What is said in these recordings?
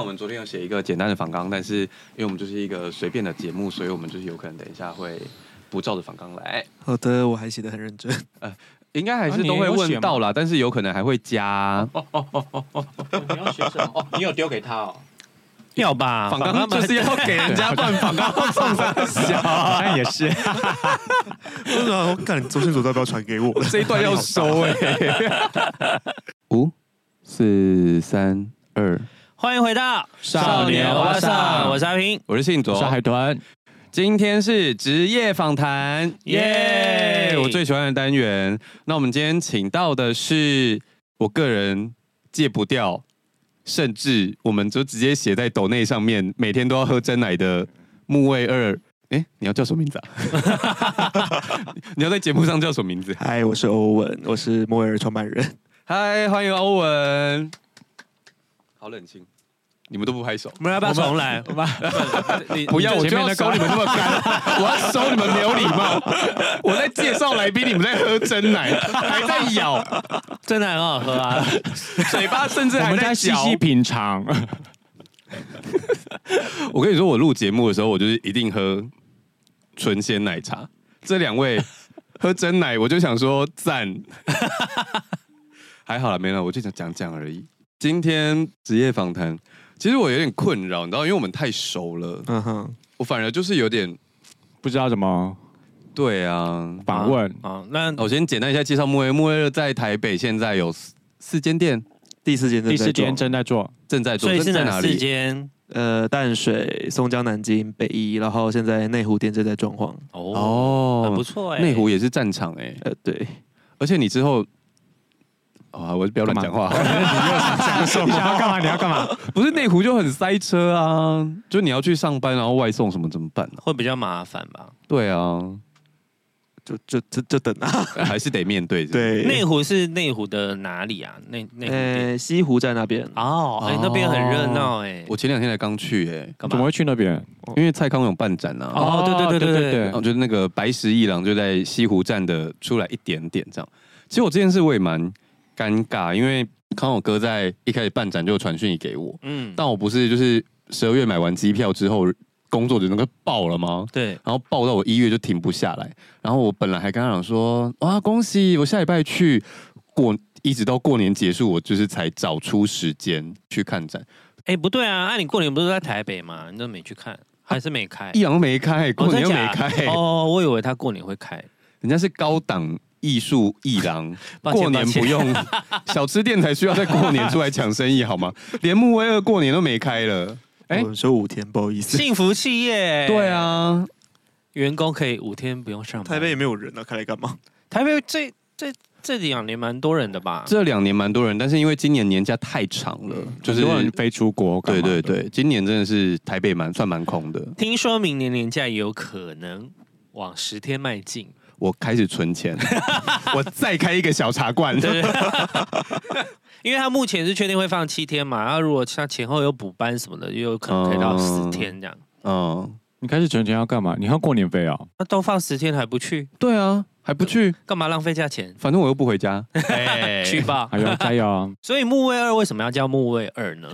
我們昨天有寫一個簡單的訪綱，但是因為我們就是一個隨便的節目，所以我們就是有可能等一下會不照着訪綱來。好的，我還寫得很認真。呃，應該還是都會問到啦、啊，但是有可能還會加。哦哦哦哦哦 哦、你要學什麼？哦、你有丟給他哦？要吧？訪綱就是要給人家斷訪綱，壯膽小。 也是、啊。 我講，我講，周深走到不要傳給我。這一段要收哎、欸。五、四、三、二。歡迎回到少年歐巴桑，我是阿平，我是信佐，我是海豚。今天是職業訪談，耶、yeah!！我最喜歡的單元。那我們今天請到的是我個人戒不掉，甚至我們就直接寫在抖內上面，每天都要喝珍奶的木衛二。哎、欸，你要叫什麼名字？啊？ 你要在節目上叫什麼名字？嗨，我是歐文，我是木衛二創辦人。嗨，歡迎歐文。好冷清。你們都不拍手，我們要不要重來？ 我們要不，不要，就前面我就收你們那麼乾， 我要收你們沒有禮貌。 我在介紹來賓，你們在喝珍奶， 還在咬，珍奶很好喝啊，嘴 巴甚至還在嚼。我們在細細品嘗。 我跟你說，我錄節目的時候，我就是一定喝純鮮奶茶。這兩位喝珍奶，我就想說讚， 還好了，沒了，我就想講講而已。今天職業訪談。其實我有點困擾，你知道，因為我們太熟了。嗯哼，我反而就是有點不知道怎麼對啊，訪問啊。那我先簡單一下介紹木衛二。木衛二在台北現在有四間店，第四間第四間正在做，正在做。所以是哪四間？呃，淡水、松江、南京、北一，然後現在內湖店正在裝潢。哦，哦不錯哎、欸，內湖也是戰場哎、欸。呃，對，而且你之後。啊、哦！我就不要亂講話。幹你，想什麼 你想要想幹嘛？你要幹嘛？不是內湖就很塞車啊？就你要去上班，然後外送什麼怎麼辦、啊？會比較麻煩吧？對啊，就就就就等啊，還是得面對是是。對，內湖是內湖的哪裡啊？那那湖、欸、西湖在那邊哦，哎、欸，那邊很熱鬧哎。我前兩天才剛去哎、欸，怎麼會去那邊？因為蔡康永辦展呢、啊。哦，對對對對對，對、哦，就是那個白石一郎就在西湖站的出來一點點這樣。其實我這件事我也蠻。尷尬，因為康我哥在一開始辦展就有傳訊息給我，嗯，但我不是就是十二月買完機票之後，工作就那個爆了嗎？對，然後爆到我一月就停不下來，然後我本來還跟他講說，哇，恭喜，我下禮拜去過，一直到過年結束，我就是才找出時間去看展。哎、欸，不對啊，那、啊、你過年不是在台北嗎？你都沒去看，還是沒開？啊、一陽沒開，過年沒開哦。哦，我以為他過年會開，人家是高檔。藝術藝廊過年不用，小吃店才需要在過年出來搶生意， 好嗎？連木衛二過年都沒開了，哎、欸，休五天，不好意思，幸福企業，對啊，員工可以五天不用上班。台北也沒有人啊，開來幹嘛？台北這這這兩年蠻多人的吧？這兩年蠻多人，但是因為今年年假太長了，嗯、就是有人飛出國。對對對，今年真的是台北蠻算蠻空的。聽說明年年假也有可能往十天邁進。我開始存錢 我再開一個小茶館。對，對， 因為他目前是確定會放七天嘛，然後如果他前後有補班什麼的，又有可能推到十天這樣。嗯，你開始存錢要幹嘛？你要過年費啊、哦？那都放十天還不去？對啊，還不去，幹、呃、嘛浪費價錢？反正我又不回家 取暴、 哎，去吧。還要加油。所以木衛二為什麼要叫木衛二呢？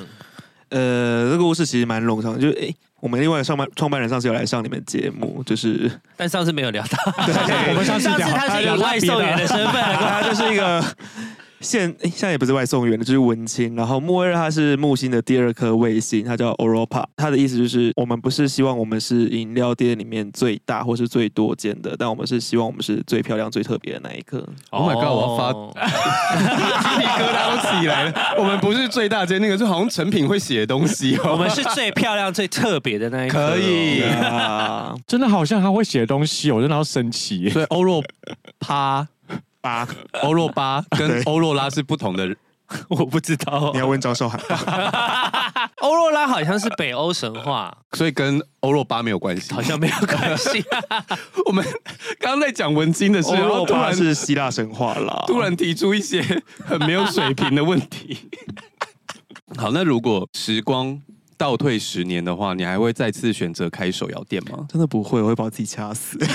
呃，這個故事其實蠻隆重就是哎、欸我們另外一個創辦人上次有來上你們節目，就是，但上次沒有聊到 我們上次聊。上次他是以外送員的身份， 他就是一個。現現在也不是外送員了，就是文青。然後木衛二，他是木星的第二顆衛星，他叫歐羅巴。他的意思就是我們不是希望我們是飲料店裡面最大或是最多間的，但我們是希望我們是最漂亮、最特別的那一顆。Oh my god！我要發雞皮疙瘩都起來了。 我們不是最大間那個，就好像成品會寫東西哦。 我們是最漂亮、最特別的那一顆、哦。可以啊， 真的好像他會寫東西、哦，我真的要生氣。所以，歐羅巴。歐若巴跟歐若拉是不同的人，我不知道、喔。你要問張韶涵。歐若拉好像是北歐神話，所以跟歐若巴沒有關係，好像沒有關係、啊。 我們剛剛在講文津的時候，突然是希臘神話啦，突然提出一些很沒有水平的問題。 好，那如果時光倒退十年的話，你還會再次選擇開手搖店嗎？真的不會，我會把自己掐死。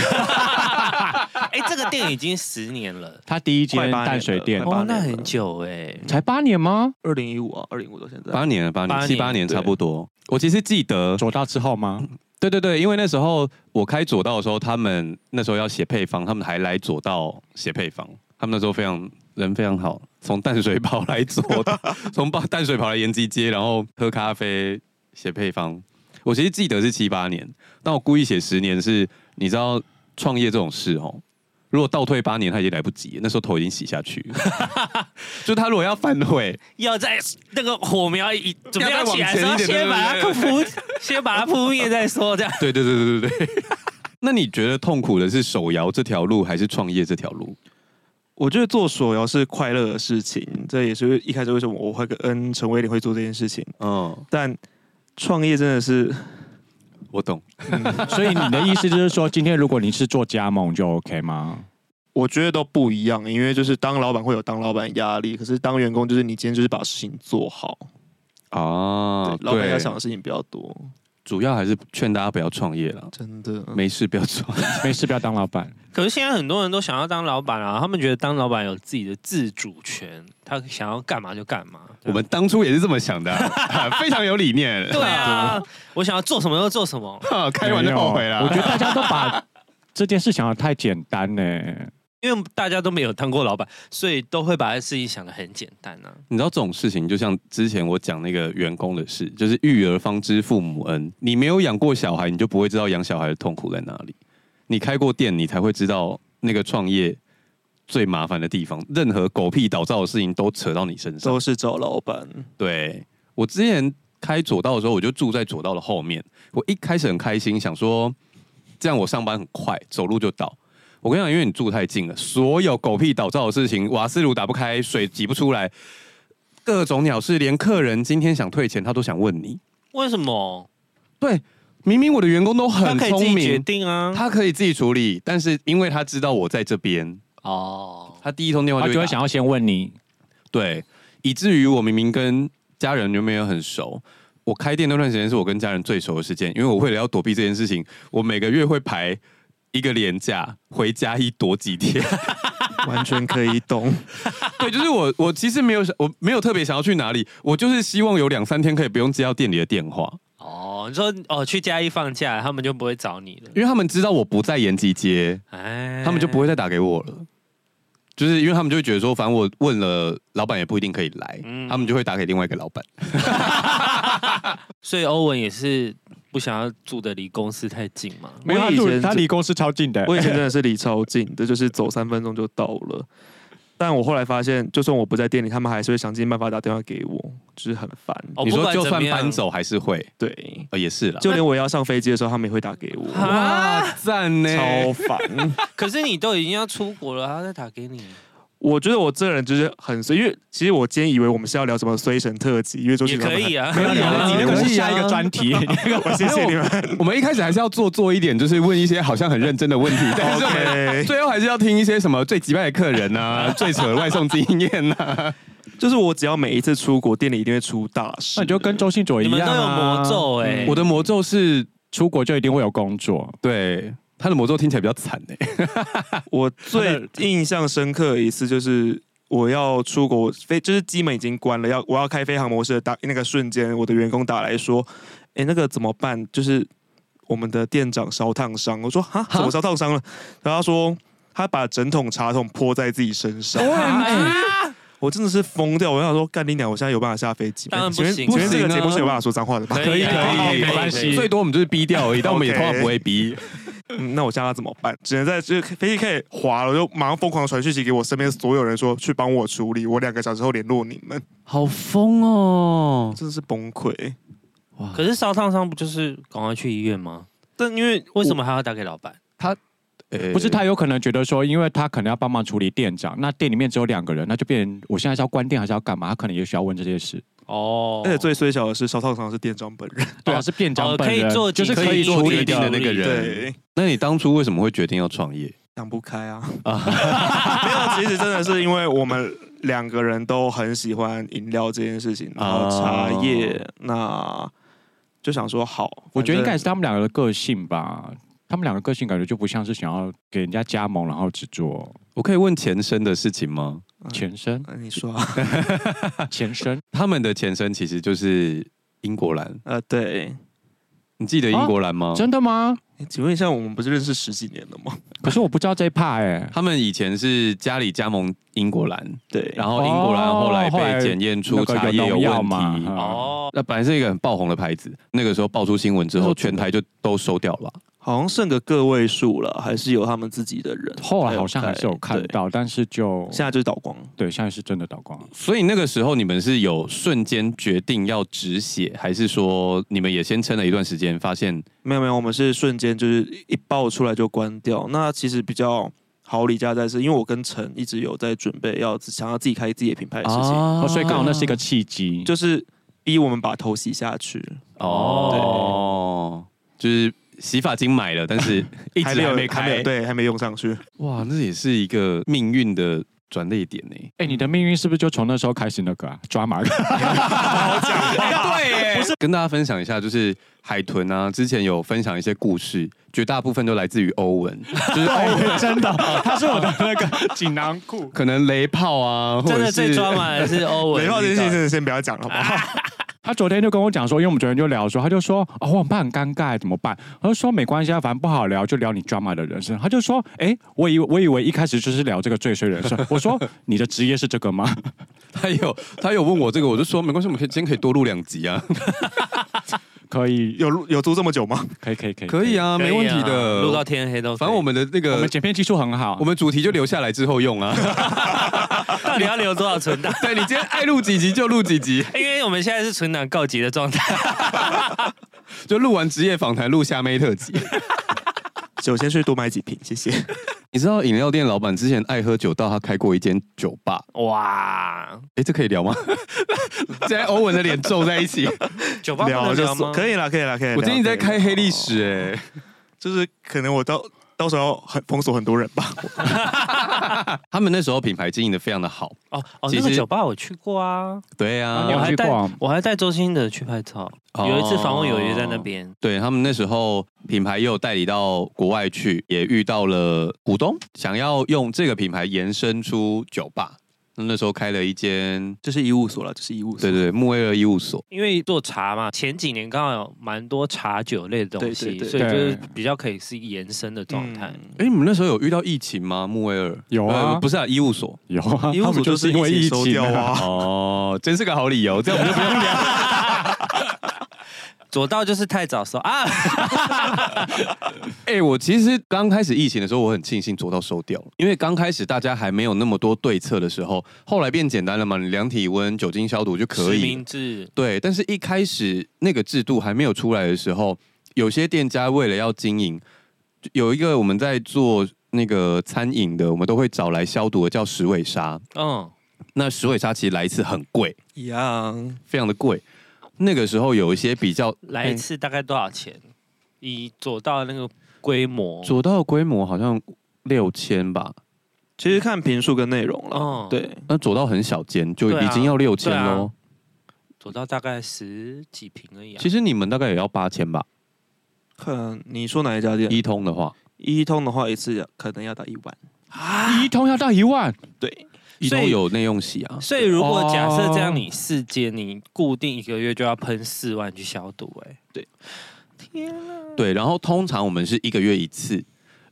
哎，這個店已經十年了。他、啊啊、第一間淡水店，哦，那很久哎、欸嗯，才八年嗎？二零一五啊，二零五到現在八年了，八年七八年, 7, 8年差不多。我其實記得左道之後嗎、嗯？對對對，因為那時候我開左道的時候，他們那時候要寫配方，他們還來左道寫配方。他們那時候非常，人非常好，從淡水跑來左道， 從淡水跑來延吉街，然後喝咖啡寫配方。我其實記得是七八年，但我故意寫十年是，是你知道創業這種事哦。嗯嗯如果倒退八年，他也來不及，那時候頭已經洗下去。 就他如果要反悔，要在那個火苗一，要，要往前一點， 要先把它撲， 先把它他撲滅 再說。這樣。對對對對對，對 那你覺得痛苦的是手搖這條路，還是創業這條路？我覺得做手搖是快樂的事情，這也是一開始為什麼我會跟陳威霖會做這件事情。嗯。但創業真的是。我懂、嗯，所以你的意思就是說，今天如果你是做加盟就 OK 嗎？ 我覺得都不一樣，因為就是當老闆會有當老闆的壓力，可是當員工就是你今天就是把事情做好啊、哦。老闆要想的事情比較多，主要還是勸大家不要創業了。真的沒事，不要創，沒事不要當老闆。 可是現在很多人都想要當老闆啊，他們覺得當老闆有自己的自主權。他想要幹嘛就幹嘛，我們當初也是這麼想的、啊，非常有理念。 對啊， 我想要做什麼就做什麼，開完就後悔了。我覺得大家都把這件事想的太簡單呢， 因為大家都沒有當過老板，所以都會把事情想的很簡單呢、啊。你知道這種事情，就像之前我講那個員工的事，就是育兒方知父母恩，你沒有養過小孩，你就不會知道養小孩的痛苦在哪裡。你開過店，你才會知道那個創業。嗯最麻煩的地方，任何狗屁倒灶的事情都扯到你身上，都是周老板。對，我之前開左道的時候，我就住在左道的後面。我一開始很開心，想說這樣我上班很快，走路就到。我跟你講，因為你住太近了，所有狗屁倒灶的事情，瓦斯爐打不開，水擠不出來，各種鳥事，連客人今天想退錢，他都想問你為什麼？對，明明我的員工都很聰明，他可以自己決定啊，他可以自己處理，但是因為他知道我在這邊。哦、oh,，他第一通電話，他就會想要先問你，對，以至於我明明跟家人就沒有很熟。我開店那段時間是我跟家人最熟的時間，因為我為了要躲避這件事情，我每個月會排一個連假回家一躲幾天， 完全可以懂。 對，就是我，我其實沒有，我沒有特別想要去哪裡，我就是希望有兩三天可以不用接到店裡的電話。哦、oh,，你說哦，去嘉義放假，他們就不會找你了，因為他們知道我不在延吉街，哎、hey.，他們就不會再打給我了。就是因為他們就會覺得說，反正我問了老闆也不一定可以來、嗯，他們就會打給另外一個老闆。 所以歐文也是不想要住的離公司太近嘛。沒有他以前，他離公司超近的。 我以前真的是離超近的，就是走三分鐘就到了。但我後來發現，就算我不在店裡，他們還是會想盡辦法打電話給我，就是很煩、哦。你說就算搬走還是會？哦、對，也是啦。就連我要上飛機的時候， 他們也會打給我。哇、啊，讚、啊、呢！超煩。 可是你都已經要出國了，他在打給你。我覺得我這個人就是很衰，因為其實我今天以為我們是要聊什麼衰神特輯，因為周信。也可以啊，沒有問那、啊啊、我們下一個專題。啊、 我謝謝你們我。我們一開始還是要做做一點，就是問一些好像很認真的問題， 對 但是，okay，最後還是要聽一些什麼最機掰的客人啊， 最扯的外送經驗啊。 就是我只要每一次出國，店裡一定會出大事。那你就跟周信佐一樣，啊，你們都有魔咒，欸嗯，我的魔咒是出國就一定會有工作。對。他的魔咒聽起來比較慘呢。我最印象深刻的一次就是我要出國飛，就是機門已經關了，要我要開飛航模式的打那個瞬間，我的員工打來說：“哎，那個怎麼辦？就是我們的店長燒燙傷。”我說：“哈，怎麼燒燙傷了？”然後他說：“他把整桶茶桶潑在自己身上。”我真的是瘋掉！我想說，幹你娘！我現在有辦法下飛機、欸。當然不行，不行！這個節目是有辦法說髒話的，可以啊，可以啊，可以可以，沒關係。最多我們就是逼掉而已，但我們也通常不會逼。 Okay  嗯，那我現在要怎麼辦？只能在就飛機可以滑了，就馬上瘋狂傳訊息給我身邊所有人說，說去幫我處理，我兩個小時後聯絡你們。好瘋哦！真的是崩潰哇！可是燒燙傷不就是趕快去醫院嗎？但因為為什麼還要打給老闆？他、欸、不是他有可能覺得說，因為他可能要幫忙處理店長，那店裡面只有兩個人，那就變成我現在是要關店還是要幹嘛？他可能也需要問這些事。哦、oh.，而且最衰小的是手套傷是店長本人，對，啊、是店長本人、呃、可以做，就是可以做決定的那個人。對，那你當初為什麼會決定要創業？想不開啊，uh. 沒有，其實真的是因為我們兩個人都很喜歡飲料這件事情，然後茶葉，uh. 那就想說好，我覺得應該是他們兩個的個性吧，他們兩個個性感覺就不像是想要給人家加盟，然後去做。我可以問前身的事情嗎？前身，你 說前生，前身，他們的前身其實就是英國藍。呃，對，你記得英國藍嗎？啊、真的嗎、欸？請問一下，我們不是認識十幾年了嗎？可是我不知道這一趴哎、欸。 他們以前是家裡加盟英國藍，對，然後英國藍後來被檢驗出茶、哦、葉有、有問題，哦，那、啊啊、本來是一個很爆紅的牌子，那個時候爆出新聞之後，全台就都收掉了。好像剩個個位數了，還是有他們自己的人。後來好像還是有看到，但是就現在就是倒光。對，現在是真的倒光。所以那個時候你們是有瞬間決定要止血，還是說你們也先撐了一段時間？發現沒有沒有，我們是瞬間就是一爆出來就關掉。那其實比較好離家在是因為我跟陳一直有在準備要想要自己開自己的品牌的事情，哦、所以剛好那是一個契機，就是逼我們把頭洗下去。哦，對，就是。洗髮精買了，但是一直還沒開，還沒有還沒有，對，還沒用上去。哇，那也是一個命運的轉捩點呢、欸。哎、欸，你的命運是不是就從那時候開始那個啊？抓馬、， 欸，好講，對，跟大家分享一下，就是海豚啊，之前有分享一些故事，絕大部分都來自於歐文，就是歐文、， 哎、真的，啊，他是我的那個錦囊庫， 可能雷炮啊，或者是抓馬是歐文，雷炮這件事先不要講了，好不好 他昨天就跟我講說，因為我們昨天就聊說，他就說啊、哦，我很怕很尷尬，怎麼辦？他就說沒關係啊，反正不好聊，就聊你 drama 的人生。他就說，誒，我以為我以為一開始就是聊這個贅婿人生。 我說你的職業是這個嗎？他有他有問我這個，我就說沒關係，我們可以今天可以多錄兩集啊。 可以有有租這麼久嗎？可以可以可以，可以啊，沒問題的，錄、啊、到天黑都，反正我們的那個我們剪片技術很好、啊，我們主題就留下來之後用啊。 到底要留多少存檔？ 對，你今天愛錄幾集就錄幾集，因為我們現在是存檔告急的狀態， 就錄完職業訪談錄下妹特輯。 先去多買幾瓶，謝謝。 你知道飲料店老板之前愛喝酒，到他開過一間酒吧。哇，哎，這可以聊嗎？ 現在歐文的臉皺在一起。聊 吧聊嗎？可以了，可以了，可以,可以。我最近在開黑歷史、欸，哎，就是可能我到。到時候很封鎖很多人吧 他們那時候品牌經營得非常的好哦哦，其實，哦那個、酒吧我去過啊，對啊，我還帶我還帶周星的去拍照，哦、有一次訪問有約在那邊，對他們那時候品牌也有代理到國外去，也遇到了股東想要用這個品牌延伸出酒吧。那時候開了一間，這、就是醫務所了，這、就是醫務，所。對，對對，木衛二醫務所。因為做茶嘛，前幾年剛好有蠻多茶酒類的東西，對對對對，所以就是比較可以是一個延伸的狀態。哎、嗯、欸，你們那時候有遇到疫情嗎？木衛二有啊、呃，不是啊，醫務所有啊，醫務所就是因為疫情、啊為疫情啊、哦，真是個好理由，這樣我們就不用聊。 左道就是太早收啊！ 哎、 欸，我其實剛開始疫情的時候，我很慶幸左道收掉了，因為剛開始大家還沒有那麼多對策的時候，後來變簡單了嘛，量體溫、酒精消毒就可以。實名制。對，但是一開始那個制度還沒有出來的時候，有些店家為了要經營，有一個我們在做那個餐飲的，我們都會找來消毒的，叫十尾沙。嗯、哦。那十尾沙其實來一次很貴，一樣，非常的貴。那個時候有一些比較來一次大概多少錢？欸、以左道那個規模，左道的規模好像六千吧。其實看坪數跟內容了、哦。對，那左道很小間就已經要六千嘍。左道、啊啊、大概十幾坪而已、啊。其實你們大概也要八千吧？可能你說哪一家店、這個？一、e、通的話，一、e、通的話一次可能要到一萬。一通、e、要到一萬，對。都有內用洗啊，所以如果假設這樣，你四間，你固定一個月就要噴四萬去消毒、欸，哎，對，天啊，對，然後通常我們是一個月一次，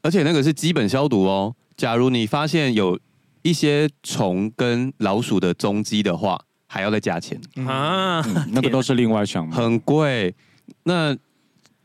而且那個是基本消毒哦。假如你發現有一些蟲跟老鼠的蹤跡的話，還要再加錢啊、嗯，那個都是另外算的很貴。那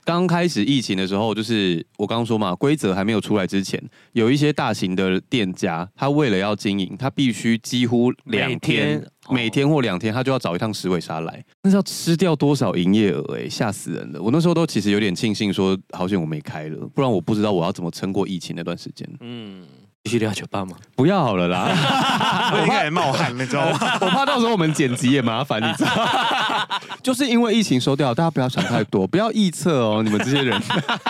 剛開始疫情的時候，就是我剛剛說嘛，規則還沒有出來之前，有一些大型的店家，他為了要經營，他必須幾乎兩天、每天或兩天，他就要找一趟石尾沙來，那是要吃掉多少營業額哎，嚇死人了！我那時候都其實有點慶幸，說好險我沒開了，不然我不知道我要怎麼撐過疫情那段時間。嗯。繼續聊酒吧嗎？不要好了啦， 我開始冒汗，你知道嗎？我怕到時候我們剪輯也麻煩，你知道嗎 就是因為疫情收掉，大家不要想太多，不要臆測哦，你們這些人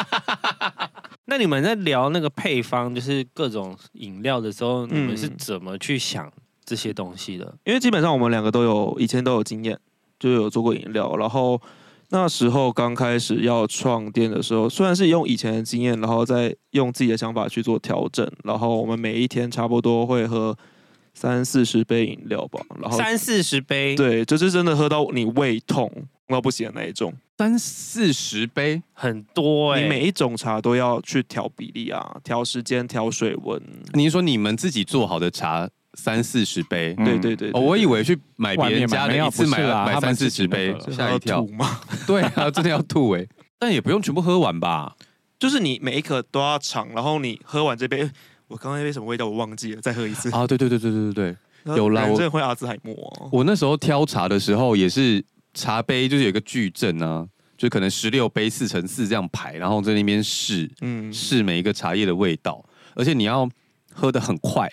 。 那你們在聊那個配方，就是各種飲料的時候，你們是怎麼去想這些東西的？嗯，因為基本上我們兩個都有以前都有經驗，就有做過飲料，然後。那時候剛開始要創店的時候，雖然是用以前的經驗，然後再用自己的想法去做調整。然後我們每一天差不多會喝三四十杯飲料吧，然後三四十杯，對，就是真的喝到你胃痛，我不喜歡那一種。三四十杯，很多哎。你每一種茶都要去調比例啊，調時間，調水溫。你說你們自己做好的茶？三四十杯、嗯，對對對，對，對，對，對、哦，我以為去買別人家的一次買、啊啊、買三四十杯，嚇、那個、一跳。 對啊，真的要吐哎、欸！ 但也不用全部喝完吧，就是你每一顆都要嚐，然後你喝完這杯，我剛剛那杯什麼味道我忘記了，再喝一次啊！對對對對對對，有啦，有啦，我會阿茲海默。我那時候挑茶的時候也是茶杯，就是有個矩陣啊，就可能十六杯四乘四這樣排，然後在那邊試，嗯，試每一個茶葉的味道，而且你要喝得很快。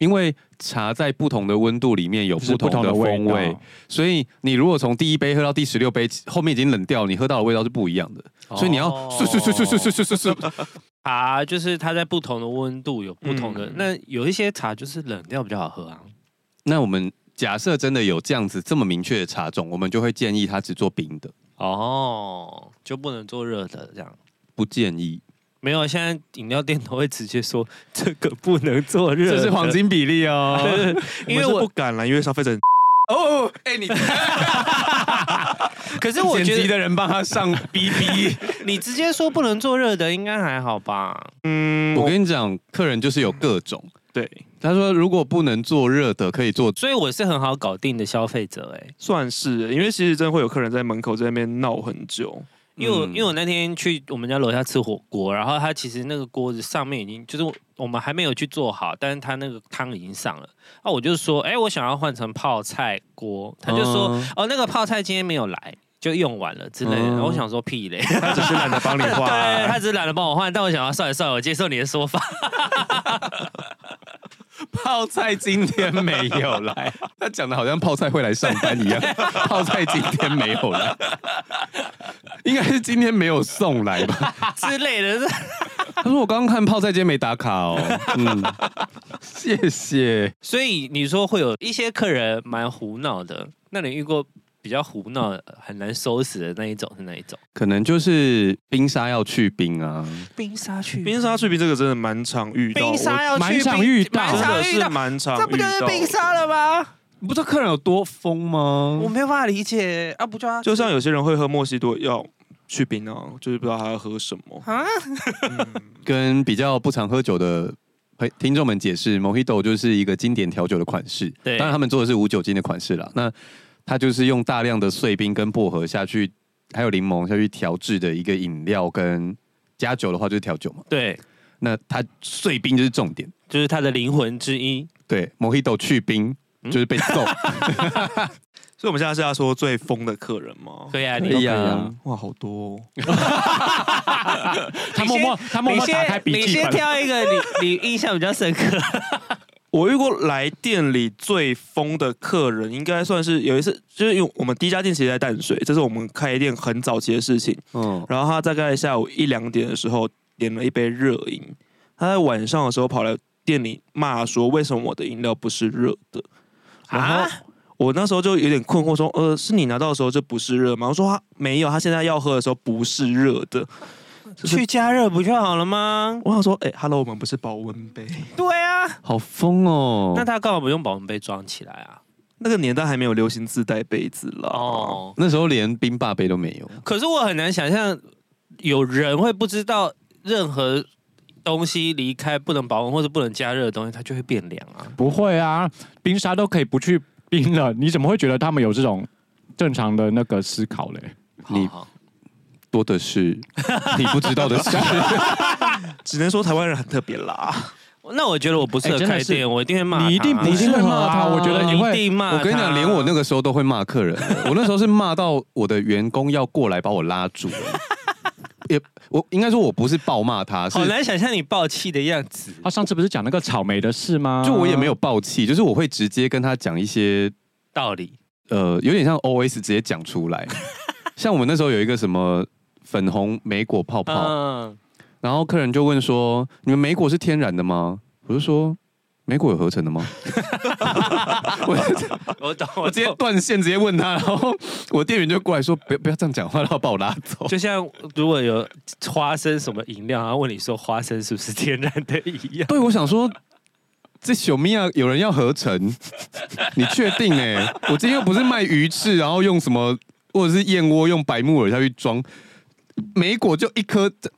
因為茶在不同的溫度裡面有不同、就是、不同的風味，所以你如果從第一杯喝到第十六杯，後面已經冷掉，你喝到的味道是不一樣的。哦、所以你要思思思思思，哦、 啊，就是它在不同的溫度有不同的、嗯。那有一些茶就是冷掉比較好喝啊。那我們假設真的有這樣子這麼明確的茶種，我們就會建議它只做冰的。哦，就不能做熱的這樣？不建議。沒有，現在飲料店都會直接說這個不能做熱的，這是黃金比例哦。 對對對，因為我, 我不敢啦，因為消費者哦，哎你， 可是我覺得剪輯的人幫他上 BB， 你直接說不能做熱的應該還好吧？嗯，我跟你講，客人就是有各種。對，他說如果不能做熱的，可以做，所以我是很好搞定的消費者哎、欸，算是，因為其實真的會有客人在門口在那邊鬧很久。因為我，因為我那天去我們家樓下吃火鍋，然後他其實那個鍋子上面已經就是我們還沒有去做好，但是他那個湯已經上了。哦，我就說，哎，我想要換成泡菜鍋，他就說、嗯，哦，那個泡菜今天沒有來，就用完了之類的。嗯、然後我想說屁嘞，他只是懶得幫你換，對，他只是懶得幫我換。但我想要，算了算了，我接受你的說法。 泡菜今天沒有來，他講的好像泡菜會來上班一樣。泡菜今天沒有來，應該是今天沒有送來吧之類的。他說：“我剛剛看泡菜今天沒打卡哦。”嗯，謝謝。所以你說會有一些客人蠻胡鬧的，那你遇過？比較胡鬧、很難收拾的那一種是哪一種？可能就是冰沙要去冰啊，冰沙去冰，冰沙去冰，這個真的蠻常遇到，冰沙要去冰我蠻常遇到，真的是蠻常遇到。這不就是冰沙了嗎？不知道客人有多瘋嗎？我沒有辦法理解啊！不知就、啊、就像有些人會喝墨西多要去冰哦、啊，就是不知道他要喝什麼啊 、嗯。跟比較不常喝酒的聽眾們解釋，莫西多就是一個經典調酒的款式，對，當然他們做的是無酒精的款式啦那，他就是用大量的碎冰跟薄荷下去，還有檸檬下去調製的一個飲料，跟加酒的話就是調酒嘛。對，那他碎冰就是重點，就是他的靈魂之一。對，Mojito 去冰、嗯、就是被揍。所以我們現在是要說最瘋的客人嗎？對啊，你對呀、啊啊，哇，好多、哦。 他默默，他默默打開筆記。你先挑一個你，你 你印象比較深刻。 我遇過來店裡最瘋的客人，應該算是有一次，就是因為我們第一家店其實在淡水，這就是我們開店很早期的事情。嗯，然後他大概下午一兩點的時候點了一杯熱飲，他在晚上的時候跑來店裡罵說：“為什麼我的飲料不是熱的？”然後我那時候就有點困惑，說：“呃，是你拿到的時候就不是熱嗎？”我說他：“他沒有，他現在要喝的時候不是熱的。”去加熱不就好了嗎？我想說，欸，Hello，我們不是保溫杯。 對啊，好瘋哦！那他幹嘛不用保溫杯裝起來啊？那個年代還沒有流行自帶杯子了哦。那時候連冰霸杯都沒有。可是我很難想象有人會不知道任何東西離開不能保溫或者不能加熱的東西，它就會變涼啊。不會啊，冰沙都可以不去冰了。你怎麼會覺得他們有這種正常的那個思考嘞？ 你。好好多的是你不知道的事， 只能說台灣人很特別啦。 那我覺得我不適合開店，欸，是，我一定會罵、啊，你，一定不是、啊。罵他。我覺得一定會罵。我跟你講，連我那個時候都會罵客人。 我那時候是罵到我的員工要過來把我拉住。 也我應該說，我不是爆罵他，好難想象你爆氣的樣子。他，啊、上次不是講那個草莓的事嗎？就我也沒有爆氣，就是我會直接跟他講一些道理。呃，有點像 OS 直接講出來。 像我們那時候有一個什麼。粉紅莓果泡泡、嗯，然後客人就問說：“你們莓果是天然的嗎？”我就說：“莓果有合成的嗎？” 我我，我，我直接斷線，直接問他，然後我店員就過來說：“不要不要這樣講話，然後把我拉走。”就像如果有花生什麼飲料，然後問你說花生是不是天然的一樣。對，我想說，這小米有人要合成， 你確定誒、欸？我今天又不是賣魚翅，然後用什麼或者是燕窩，用白木耳下去裝。莓果就一顆的，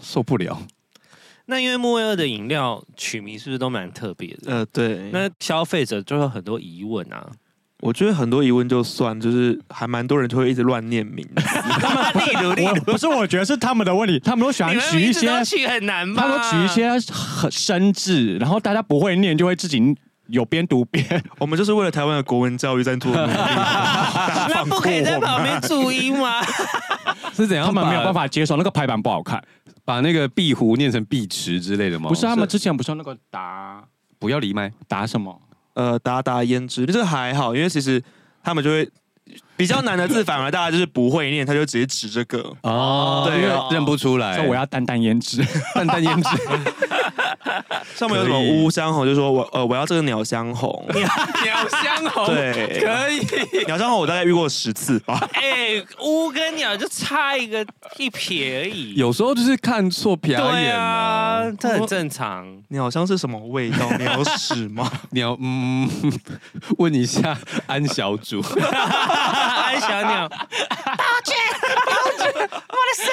受不了。那因為木衛二的飲料取名是不是都蠻特別的？呃，對。那消費者就有很多疑問啊。我覺得很多疑問就算，就是還蠻多人就會一直亂念名。努 力不，是 不，不是我覺得是他們的問題， 他們都喜歡取一些一很難，他們取一些很生字，然後大家不會念就會自己。有邊讀邊， 我們就是為了台灣的國文教育在做努力。那不可以在旁邊注音嗎？是怎樣？他們沒有辦法接受那個排版不好看，把那個壁壺念成壁池之類的嗎？不是，他們之前不是說那個打，不要離麥打什麼？呃，打打胭脂，就是還好，因為其實他們就會比較難的字，反而大家就是不會念，他就直接指這個哦，對，因為認不出來，說我要淡淡胭脂，淡淡胭脂。 上面有什麼烏香紅？就是說我呃，我要這個鳥香紅。鳥香紅對，可以。鳥香紅我大概遇過十次吧。哎、欸，烏跟鳥就差一個一撇而已。有時候就是看錯撇眼了、喔，這、啊、很正常。鳥香是什麼味道？鳥屎嗎？鳥嗯，問一下安小主。 安小鳥，道歉道歉我要 s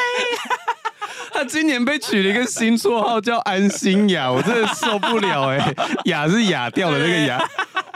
他今年被取了一個新綽號叫安心亞，我真的受不了哎、欸，雅是雅掉了那個雅，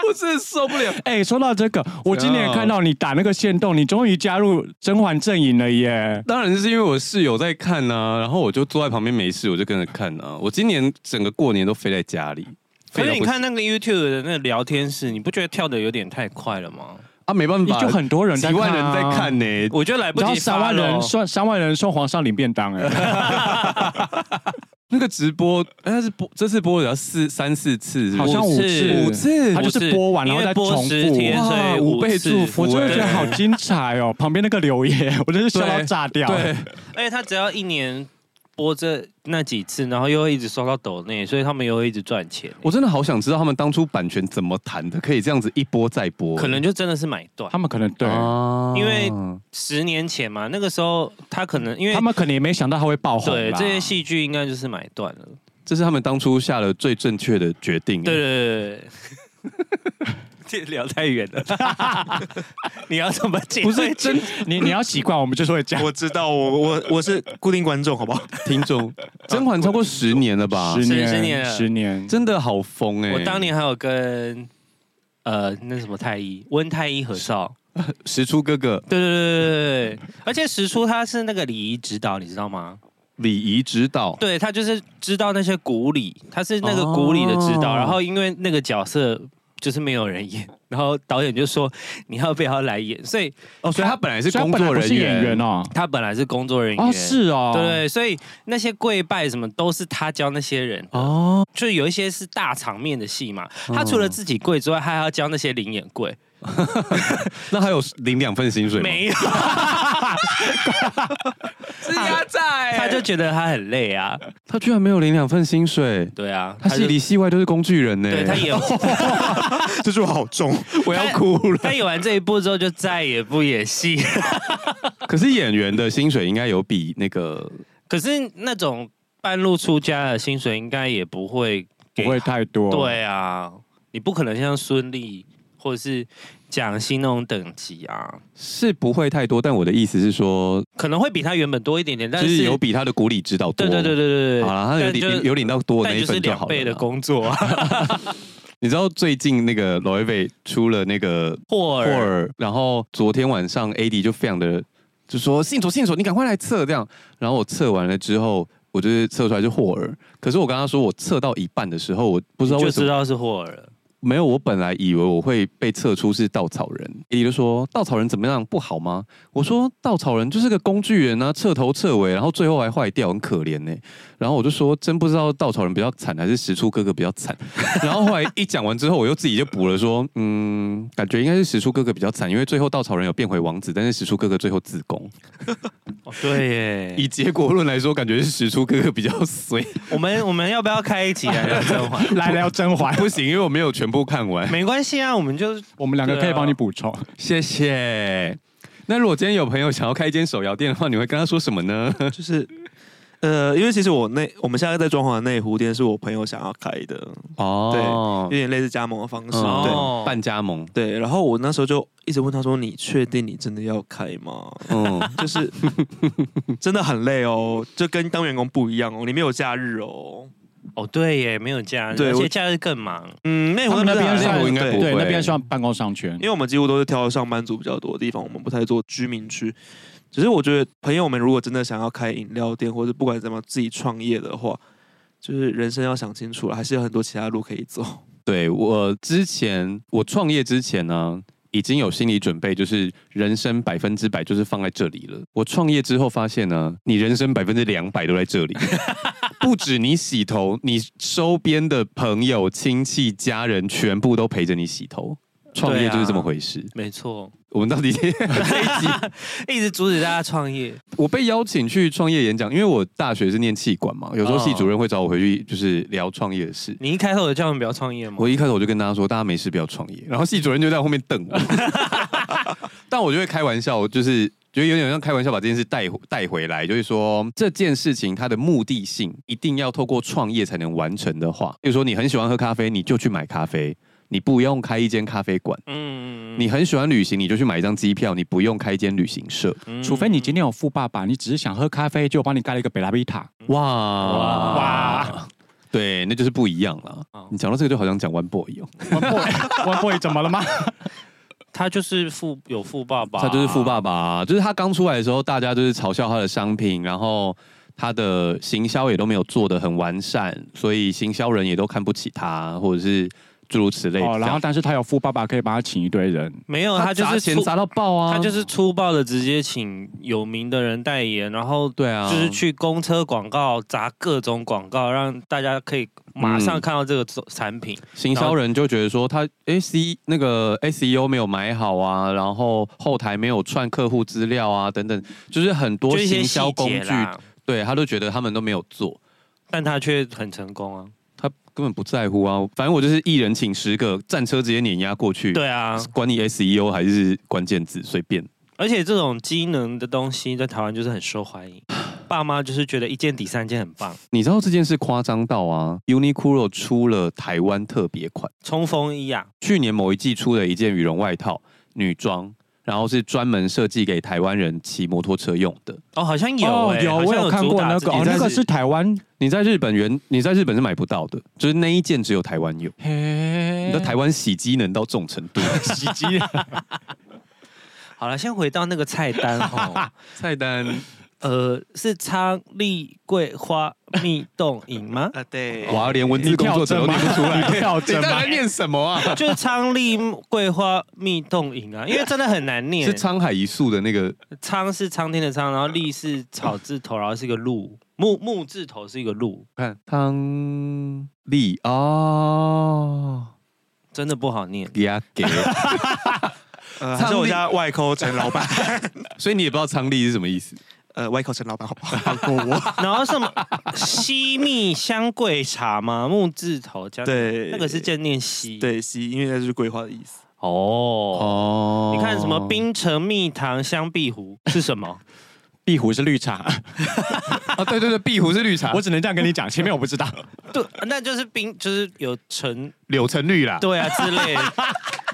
我真的受不了哎、欸。說到這個，我今年也看到你打那個限動，你終於加入甄嬛陣營了耶！當然是因為我室友在看呢、啊，然後我就坐在旁邊沒事，我就跟着看呢、啊。我今年整個過年都飛在家裡，所以你看那個 YouTube 的那個聊天室，你不覺得跳得有點太快了嗎？啊，沒辦法，就很多人、啊，幾萬人在看呢、欸。我覺得來不及，三萬人算三萬人送皇上領便當哎、欸。 那個直播，那、欸、是播，這次播了四三四次，好像五次，五次，他就是播完然後再重複播啊，五倍祝福，我真的覺得好精彩哦、喔。旁邊那個留言，我真是笑到炸掉對。對，而且他只要一年。播這那幾次，然後又會一直收到抖內，所以他們又一直賺錢。我真的好想知道他們當初版權怎麼談的，可以這樣子一播再播。可能就真的是買斷，他們可能對、啊，因為十年前嘛，那個時候他可能，因為他們可能也沒想到他會爆紅。對，這些戲劇，應該就是買斷了。這是他們當初下了最正確的決定。對、對、對、對。 聊太遠了 你要怎麼講？不是真你你要習慣， 我們就是會講。 我知道，我我我是固定觀眾，好不好？ 聽眾甄嬛超過十年了吧？十年，十年，十年，十年，真的好瘋哎、欸！我當年還有跟呃那是什麼太醫溫太醫合照， 石初哥哥，對對對對對對 而且石初他是那個禮儀指導，你知道嗎？禮儀指導，對，他就是知道那些古禮，他是那個古禮的指導，哦，然後因為那個角色。就是沒有人演，然後導演就說你要不要來演，所以哦，所以他本來是工作人員，他，所以他本來不是演員哦，他本來是工作人員，哦是哦，對對，所以那些跪拜什麼都是他教那些人哦，就有一些是大場面的戲嘛，他除了自己跪之外，他還要教那些臨演跪。 那還有領兩份薪水嗎？沒有，是壓在、欸、他就覺得他很累啊。他居然沒有領兩份薪水。對啊，他戲裡戲外都是工具人呢、欸。對，他也有 這句好重，我要哭了。他演完這一部之後，就再也不演戲 可是演員的薪水應該有比那個……可是那種半路出家的薪水應該也不會不會太多。對啊，你不可能像孫儷。或者是講薪，那種等級啊，是不會太多，但我的意思是說，可能會比他原本多一點點，但是、就是、有比他的鼓勵指導多，對對對，對，對好了，他有領有領到多的那一份就好，就兩倍的工作。啊， 你知道最近那個羅一貝出了那個霍爾，然後昨天晚上 AD 就非常的就說信佐，信佐，你趕快來測這樣，然後我測完了之後，我就是測出來是霍爾，可是我跟他說我測到一半的時候，我不知道為什麼我就知道是霍爾沒有，我本來以為我會被測出是稻草人。也就是說稻草人怎麼樣不好嗎？我說稻草人就是個工具人啊，徹頭徹尾，然後最後還壞掉，很可憐呢。然後我就說真不知道稻草人比較慘還是石出哥哥比較慘。 然後後來一講完之後，我又自己就補了說，嗯，感覺應該是石出哥哥比較慘，因為最後稻草人有變回王子，但是石出哥哥最後自宮。哦， 對耶，以結果論來說，感覺是石出哥哥比較衰。 我們我們要不要開一集來聊甄嬛？來聊甄嬛 不行，因為我沒有全。全部看完沒關係啊，我們就我們兩個可以幫你補充、啊。謝謝。那如果今天有朋友想要開一間手搖店的話，你會跟他說什麼呢？就是呃，因為其實我那我們現在在裝潢的內湖店是我朋友想要開的哦，對，有點類似加盟的方式、哦，對，半加盟。對，然後我那時候就一直問他說：“你確定你真的要開嗎？”嗯、 就是真的很累哦，就跟當員工不一樣哦，你沒有假日哦。哦，對耶，沒有假日，對，其實，假日更忙。嗯，內湖那邊那，對，應該不會，對，那邊算辦公商圈，因為我們幾乎都是挑的上班族比較多的地方，我們不太做居民區。只是我覺得，朋友們如果真的想要開飲料店，或者不管怎麼自己創業的話，就是人生要想清楚了，還是有很多其他路可以走。對，我之前，我創業之前呢，已經有心理準備，就是人生百分之百就是放在這裡了。我創業之後發現呢，你人生百分之兩百都在這裡。 不止你洗頭，你周邊的朋友、親戚、家人全部都陪着你洗頭。創業就是這麼回事。啊、沒錯，我們到底這一 一直阻止大家創業。我被邀請去創業演講，因為我大學是念企管嘛，有時候系主任會找我回去，就是聊創業的事。Oh. 你一開頭就叫人不要創業嗎？我一開始我就跟大家說，大家沒事不要創業。然後系主任就在後面瞪我， 但我就會開玩笑，就是。覺得有點像開玩笑，把這件事帶帶回來，就是說這件事情它的目的性一定要透過創業才能完成的話，就是說你很喜歡喝咖啡，你就去買咖啡，你不用開一間咖啡館。嗯你很喜歡旅行，你就去買一張機票，你不用開一間旅行社、嗯。除非你今天有富爸爸，你只是想喝咖啡，就幫你蓋了一個貝拉維塔。哇哇,哇！對，那就是不一樣了。你講到這個就好像講 One Boy 哦、喔、，One Boy One Boy 怎麼了嗎？ 他就是富有富爸爸啊，他就是富爸爸啊，就是他剛出來的時候，大家就是嘲笑他的商品，然後他的行銷也都沒有做得很完善，所以行銷人也都看不起他，或者是諸如此類。然後，但是他有富爸爸可以幫他請一堆人，沒有，他就是他砸錢砸到爆啊，他就是粗暴的直接請有名的人代言，然後對啊，就是去公車廣告砸各種廣告，讓大家可以。馬上看到這個產品，嗯、行銷人就覺得說他欸那個 SEO 沒有買好啊，然後後台沒有串客戶資料啊，等等，就是很多行銷工具，對，他都覺得他們都沒有做，但他卻很成功啊，他根本不在乎啊，反正我就是一人請十個戰車直接碾壓過去，對啊，管理 SEO 還是關鍵字，隨便，而且這種機能的東西在台灣就是很受歡迎。爸媽就是覺得一件抵三件很棒。你知道這件事誇張到啊，Uniqlo 出了台灣特別款衝鋒衣啊。去年某一季出了一件羽絨外套，女裝，然後是專門設計給台灣人騎摩托車用的。哦，好像有、欸哦，有、有，我有看過那個，那個是、那個、是台灣。你在日本人，你在日本是買不到的，就是那一件只有台灣有。你的台灣洗機能到這種程度？洗 機喜極。 好了，先回到那個菜單哈， 菜單。 呃，是“昌利桂花蜜凍飲”嗎？啊，對。我、哦、要、啊、連文字工作者都念不出來。 你跳針嗎？來念什麼啊？ 就是“昌利桂花蜜凍飲”啊，因為真的很難念。是“滄海一粟”的那個“滄”是“蒼天”的“蒼”，然後“利”是草字頭，然後是一個“祿”，木木字頭是一個“祿”。看，“昌利”哦，真的不好念。給啊，給。 呃，他是我家外摳陳老板， 所以你也不知道“昌利”是什麼意思。呃，歪口陳老闆，好不好？好好好 然後什麼？西蜜香桂茶嘛，木字頭加，對，那個是正念西，對，西，因為那是桂花的意思。哦哦，你看什麼？冰城蜜糖香碧湖是什麼？ 壁虎是綠茶，啊，對對對，壁虎是綠茶， 我只能這樣跟你講， 前面我不知道，對，那就是冰，就是有成柳橙綠啦，對啊，之類的，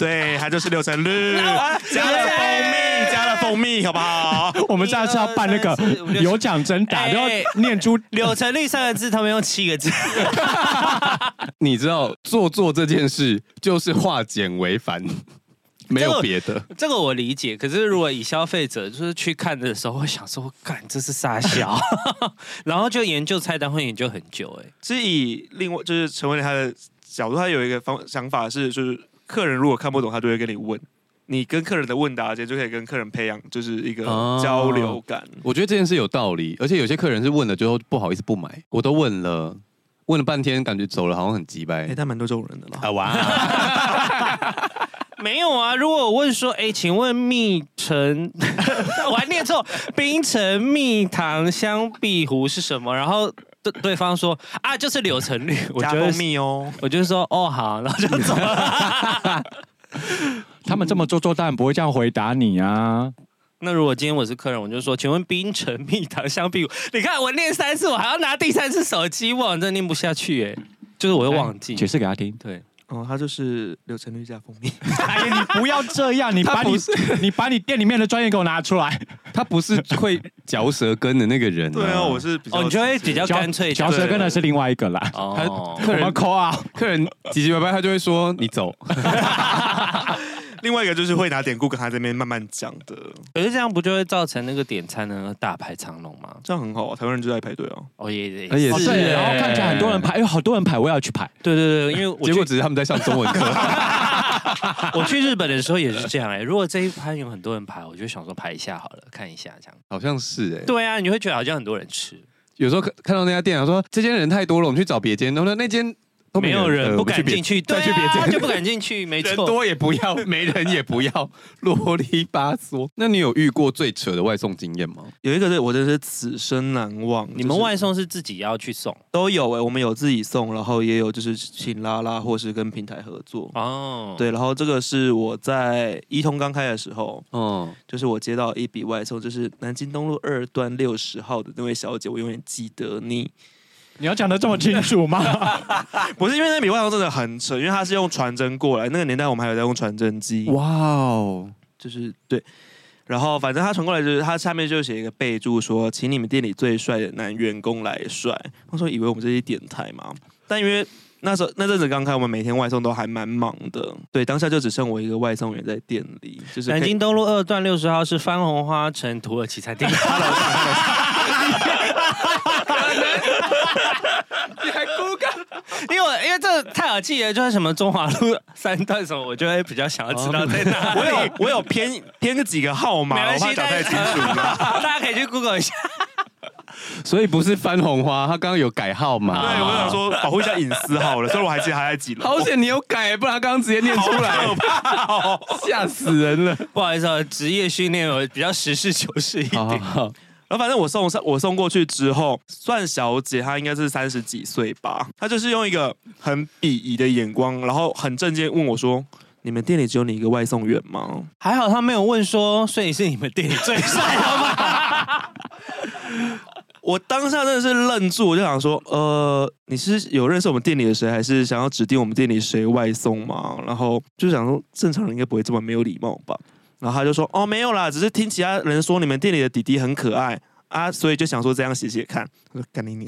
對，它就是柳橙綠， 加了蜂蜜，加了蜂蜜，好不好？我們下次要辦那個有獎徵答，對，念出柳橙綠三個字，他們用七個字， 你知道做做這件事就是化簡為繁。沒有別的、這個，這個我理解。可是如果以消費者就是去看的時候，會想說：“幹這是三小笑。， ”然後就研究菜單，會研究很久、欸。哎，是以另外就是成為他的角度，他有一個方想法是：就是客人如果看不懂，他都會跟你問。你跟客人的問答間就可以跟客人培養就是一個交流感、哦。我覺得這件事有道理，而且有些客人是問了之後不好意思不買，我都問了，問了半天，感覺走了好像很急唄。哎、欸，他蠻多這種人的嘛。啊哇！ 沒有啊！如果我問說，哎，請問蜜橙， 但我還念錯， 冰城蜜糖香碧湖是什麼？然後對對方說，啊，就是柳橙綠。我覺得蜜哦，我就說，哦好，然後就走了。 他們這麼做做，當然不會這樣回答你啊。 那如果今天我是客人，我就說，請問冰城蜜糖香碧湖？你看我念三次，我還要拿第三次手機，我真的念不下去耶。就是我又忘記、嗯。解釋給他聽，對。哦，他就是柳橙綠加蜂蜜。 哎，你不要這樣，你把你是你把你店裡面的專業給我拿出來。 他不是會嚼舌根的那個人、啊。對啊，我是比較，哦、你覺得比較乾脆嚼。嚼舌根的是另外一個啦。哦。客人要摳啊？客人唧唧歪歪，吉吉伯伯他就會說你走。 另外一個就是會拿典故跟他在那邊慢慢講的，可是這樣不就會造成那個點餐呢大排長龍嗎？這樣很好，啊，台灣人就在排隊哦。哦也，也是，看起來很多人排，有，欸，好多人排，我也要去排。對對對，因為結果只是他們在上中文課。 我去日本的時候也是這樣哎，欸，如果這一攤有很多人排，我就想說排一下好了，看一下這樣。好像是哎，欸，對啊，你會覺得好像很多人吃。有時候看看到那家店，說這間人太多了，我們去找別間。那那間。沒有人不敢進去，對他、啊啊、就不敢進去。沒錯。人多也不要，沒人也不要，囉 里吧嗦。那你有遇過最扯的外送經驗嗎？有一個是我真是此生難忘。你們外送是自己要去送？就是、都有哎、欸，我們有自己送，然後也有就是請拉拉或是跟平台合作哦、嗯。對，然後這個是我在一通剛開的時候，哦、嗯，就是我接到一筆外送，就是南京東路二段六十號的那位小姐，我永遠記得你。你要講得這麼清楚嗎？ 不是因為那筆外送真的很扯，因為他是用傳真過來，那個年代我們還有在用傳真機。哇、wow、哦，就是對，然後反正他傳過來就是他下面就寫一個備註說，請你們店裡最帥的男員工來帥。我說以為我們這些點台嘛，但因為那時候那陣子剛開，我們每天外送都還蠻忙的。對，當下就只剩我一個外送員在店裡。就是、南京東路二段六十號是番紅花城土耳其餐廳。 因為因為這太耳熟能詳，什麼中華路三段什麼，我就會比較想要知道在哪、哦。 我有我有偏偏幾個號碼，我怕講太清楚、呃、 大家可以去 Google 一下。所以不是番紅花，他剛剛有改號碼。對，啊、我想說保護一下隱私好了，所以我還記得他在幾樓。好險你有改，不然剛剛直接念出來，嚇 死人了。不好意思、啊，職業訓練我比較實事求是一點。然後反正我送我送過去之後，段小姐她應該是三十幾歲吧，她就是用一個很鄙夷的眼光，然後很正經問我說：“你們店裡只有你一個外送員嗎？”還好她沒有問說“所以是你們店裡最帥的嗎？” 我當下真的是愣住，我就想說：“呃，你是有認識我們店裡的誰，還是想要指定我們店裡誰外送嗎？”然後就想說，正常人應該不會這麼沒有禮貌吧。然後他就說：“哦，沒有啦，只是聽其他人說你們店裡的弟弟很可愛啊，所以就想說這樣寫寫看。”幹 你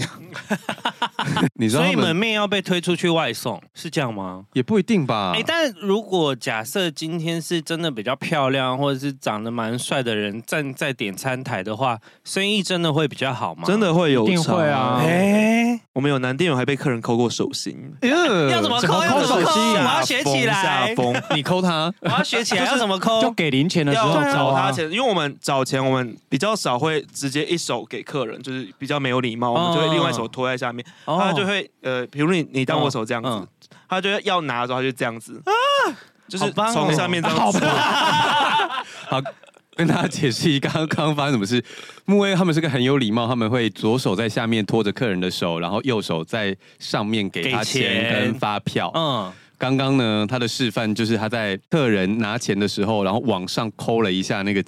你，所以門面要被推出去外送是這樣嗎？也不一定吧。哎、欸，但如果假設今天是真的比較漂亮，或者是長得蠻帥的人站在點餐台的話，生意真的會比較好嗎？真的會有，一定會啊。哎、欸，我們有男店員還被客人摳過手心，yeah, 啊、要怎麼摳？我、啊、要學起來。下風，風風 你摳他，我要學起來。 就是、要怎麼摳？就給零錢的時候找他錢，因為我們找錢我們比較少會直接一手給客人，就是比較沒有理。禮貌，我們就會另外一手托在下面，他、oh. oh. 就會呃，比如你你當我手這樣子，他、oh. oh. 就要拿的時候，他就這樣子，oh. 啊、就是從下面掏。好，好， 好，跟大家解釋一個剛剛發生什麼事。木衛他們是個很有禮貌，他們會左手在下面拖着客人的手，然後右手在上面給他錢跟發票。嗯，剛剛呢，他的示範就是他在客人拿錢的時候，然後往上摳了一下那個。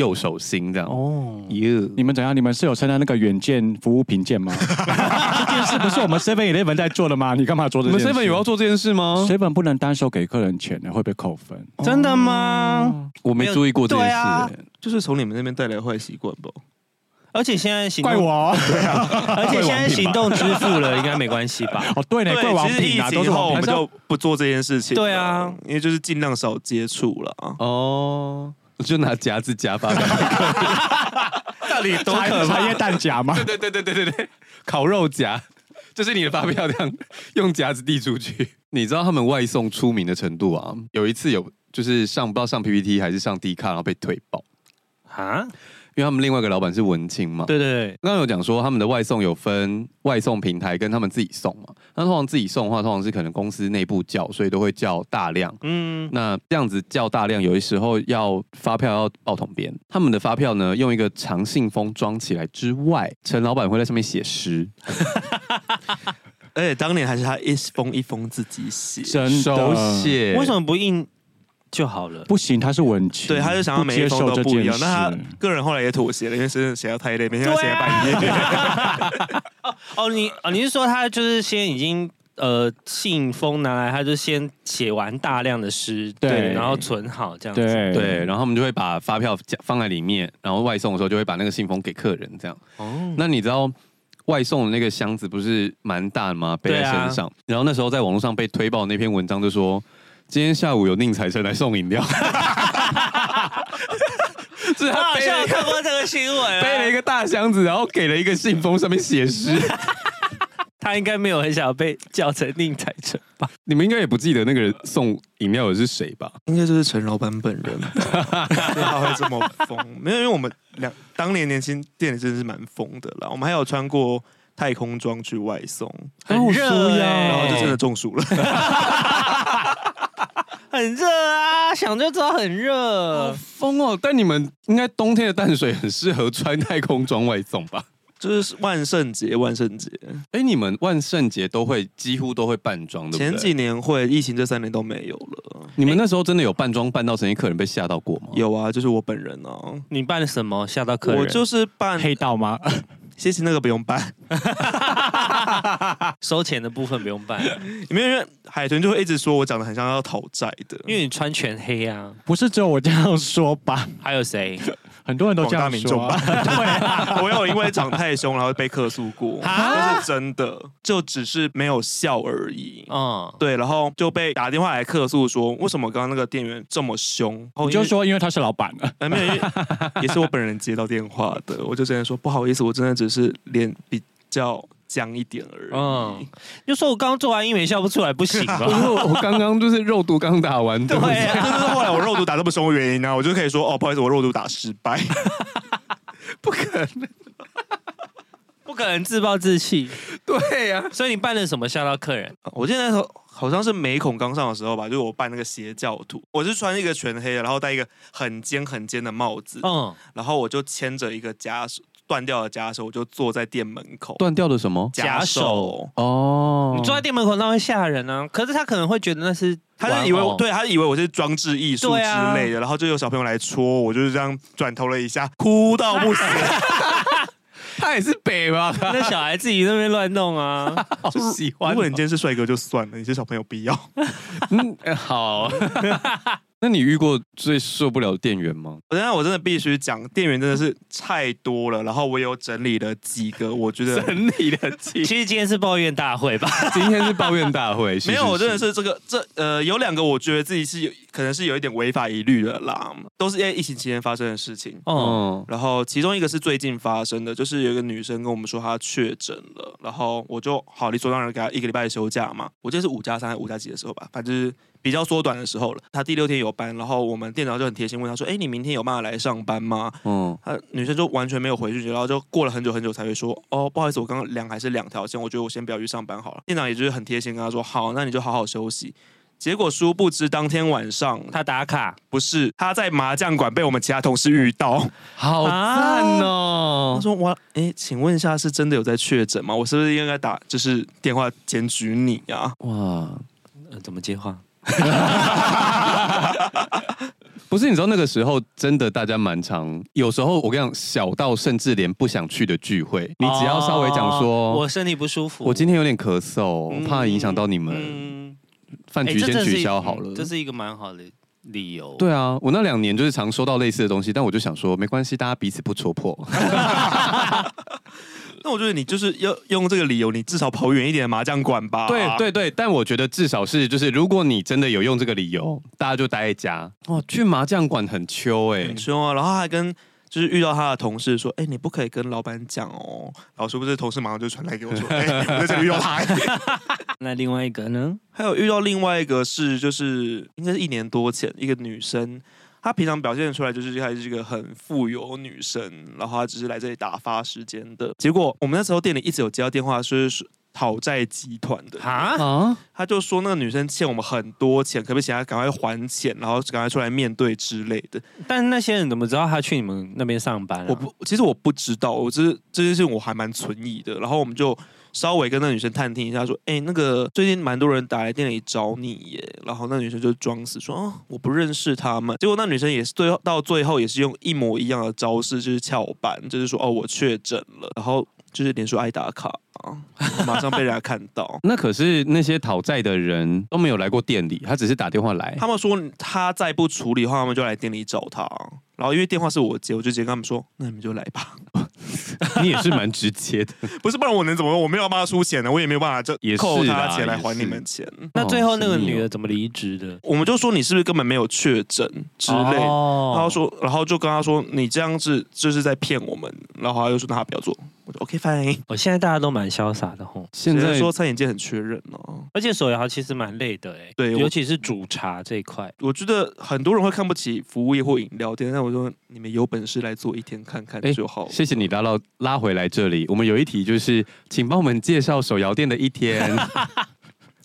右手心的哦 you 你們怎樣？你們是有參加那個遠見服務評鑑嗎？ 這件事不是我們7-11在做的嗎？你幹嘛做這件事？我們7-11有要做這件事嗎？7-11不能單手給客人錢的，會被扣分。Oh, 真的嗎？我沒注意過這件事、欸啊，就是從你們那邊帶來的壞習慣不？而且現在怪我，對啊，而且現在行動支付了，應該沒關係吧？哦、 oh, 對呢，怪王品啊，疫情以後我們就不做這件事情、啊。對啊，因為就是儘量少接觸了啊。哦、oh.。我就拿夾子夾發票票 到底多可怕？一個夾嗎？對對對對對對對，烤肉夾，這是你的發票，這樣用夾子遞出去。 你知道他們外送出名的程度啊？有一次有就是上不知道上 PPT 還是上 Dcard，然後被推爆啊、huh?。因為他們另外一個老闆是文青嘛，對對對，剛剛有講說他們的外送有分外送平台跟他們自己送嘛，那通常自己送的話，通常是可能公司內部叫，所以都會叫大量，嗯，那這樣子叫大量，有些時候要發票要報統編，他們的發票呢，用一個長信封裝起來之外，陳老闆會在上面寫詩 而且當年還是他一封一封自己寫，真的都寫，為什麼不印？就好了，不行，他是文青，對，他就想要每一手都不一樣不。那他個人後來也妥協了，因為是寫到太累，每天寫半夜。哦、啊， oh, oh, 你哦、oh, 你是說他就是先已經呃信封拿來，他就先寫完大量的詩，對，然後存好這樣子對對，對，然後我們就會把發票放在裡面，然後外送的時候就會把那個信封給客人這樣。哦、oh.，那你知道外送的那個箱子不是蠻大的嗎？背在身上、啊。然後那時候在網絡上被推爆的那篇文章就說。今天下午有寧采臣來送飲料 ， 是他好像有看過這個新聞，背了一個大箱子，然後給了一個信封，上面寫詩。他應該沒有很想被叫成寧采臣吧？你們應該也不記得那個人送飲料的是誰吧？應該就是陳老闆本人。他 會這麼瘋，沒有？因為我們兩當年年輕店裡真的是蠻瘋的啦。我們還有穿過太空裝去外送，很熱呀、欸、然後就真的中暑了。 很熱啊，想就知道很熱，好瘋哦！但你們應該冬天的淡水很適合穿太空裝外送吧？就是萬聖節，萬聖節。哎、欸，你們萬聖節都會幾乎都會扮裝的，前幾年會，疫情這三年都沒有了。你們那時候真的有扮裝扮到成一客人被嚇到過嗎、欸？有啊，就是我本人哦。你扮什麼嚇到客人？我就是扮黑道嗎？ 其實那個不用辦 ，收錢的部分不用辦。有沒有人，海豚就會一直說我長得很像要討債的？因為你穿全黑啊，不是只有我這樣說吧？還有誰？很多人都叫他大眾吧。我有因為長太兇，然後被客訴過，啊，但是真的，就只是沒有笑而已。嗯，對，然後就被打電話來客訴說，為什麼剛剛那個店員這麼兇？我就說因為他是老闆，呃、也是我本人接到電話的。我就直接說不好意思，我真的只是臉比較。僵一點而已。嗯，就說我剛做完醫美，笑不出來，不行嘛。我我剛剛就是肉毒剛打完，對，但、啊、 是後來我肉毒打這麼凶的原因啊，我就可以說哦，不好意思，我肉毒打失敗， 不可能， 不可能自暴自棄，對呀、啊。所以你扮了什麼，嚇到客人？我現在頭好像是眉孔剛上的時候吧，就是我扮那個邪教徒，我是穿一個全黑的，然後戴一個很尖很尖的帽子，嗯，然後我就牽着一個家屬。斷掉了假手，我就坐在店門口。斷掉的什麼假手？哦，oh. 你坐在店門口那會嚇人呢、啊。可是他可能會覺得那是，他是以為，對他以為我是裝置藝術之類的、啊。然後就有小朋友來戳我，就是這樣轉頭了一下，哭到不行。 他也是北吧？ 那小孩自己在那邊亂弄啊，就 喜歡、喔。如果你今天是帥哥就算了，你是小朋友必要。 嗯，好。 那你遇過最受不了的店員嗎？我現在我真的必須講，店員真的是太多了。然後我有整理了幾個，我覺得 整理了幾個。其實今天是抱怨大會吧？今天是抱怨大會。 沒有，我真的是這個這呃，有兩個我覺得自己是有可能是有一點違法疑慮的啦，都是因為疫情期間發生的事情嗯。嗯，然後其中一個是最近發生的，就是有一個女生跟我們說她確診了，然後我就好理所讓人給她一個禮拜休假嘛。我記得是五加三還是五加幾的時候吧，反正，就是。比較縮短的時候了，他第六天有班，然後我們店長就很貼心問他說：“哎、欸，你明天有辦法來上班嗎？”嗯，他女生就完全沒有回拒絕，然後就過了很久很久才會說：“哦，不好意思，我剛剛量還是兩條線，我覺得我先不要去上班好了。”店長也就是很貼心跟他說：“好，那你就好好休息。”結果殊不知當天晚上他打卡不是他在麻將館被我們其他同事遇到，好慘哦、啊！他說：“我哎、欸，請問一下是真的有在確診嗎？我是不是應該打就是電話檢舉你呀、啊？”哇，呃，怎麼接話？ 不是，你知道那個時候真的大家蠻常，有時候我跟你講，小到甚至連不想去的聚會，你只要稍微講說、哦、我身體不舒服，我今天有點咳嗽，嗯、怕影響到你們，嗯、飯局先取消好了，欸、這是、這是一個蠻好的理由。對啊，我那兩年就是常收到類似的東西，但我就想說沒關係，大家彼此不戳破。 那我覺得你就是要用這個理由，你至少跑遠一點麻將館吧，啊。對對對，但我覺得至少是，就是如果你真的有用這個理由，大家就待一家。哇，去麻將館很秋哎，欸，很秋啊！然後還跟就是遇到他的同事說：“哎，欸，你不可以跟老闆講哦。”然後殊不知同事馬上就傳來給我說：“那個用他一，欸，點。 ”那另外一個呢？還有遇到另外一個，就是，就是應該是一年多前，一個女生。她平常表現出來就是他是一個很富有女生，然後她只是來這裡打發時間的。結果我們那時候店裡一直有接到電話，說是討債集團的啊，他就說那個女生欠我們很多錢，可不可以請她趕快還錢，然後趕快出來面對之類的。但那些人怎麼知道她去你們那邊上班？啊？我不，其實我不知道，我、就是、這這件事情我還蠻存疑的。然後我們就。稍微跟那女生探聽一下，說：“哎、欸，那個最近蠻多人打來店裡找你耶。”然後那女生就裝死，說：“哦，我不認識他們。”結果那女生也是最後到最後也是用一模一樣的招式，就是翹班，就是說：“哦，我確診了。”然後就是連說愛打卡啊，馬上被人家看到。 那可是那些討債的人都沒有來過店裡，他只是打電話來。他們說他再不處理的話，他們就來店裡找他。然後因為電話是我接，我就直接跟他們說：“那你們就來吧。 ” 你也是蠻直接的， 不是？不然我能怎麼？我沒有辦法出錢呢，我也沒有辦法就是拿錢來還你們錢。那最後那個女的怎麼離職的、哦？我們就說你是不是根本沒有確診之類、哦？然後說，然後就跟他說你這樣子就是在騙我們。然後他又說那他不要做，我說 OK fine。我、哦、現在大家都蠻瀟灑的哦。現在說餐飲界很缺人哦，而且手搖其實蠻累的哎、欸，對，尤其是煮茶這一塊，我覺得很多人會看不起服務業或飲料店，那我說你們有本事來做一天看看就好、欸。謝謝你的了。拉回來這裡，我們有一題就是，請幫我們介紹手搖店的一天。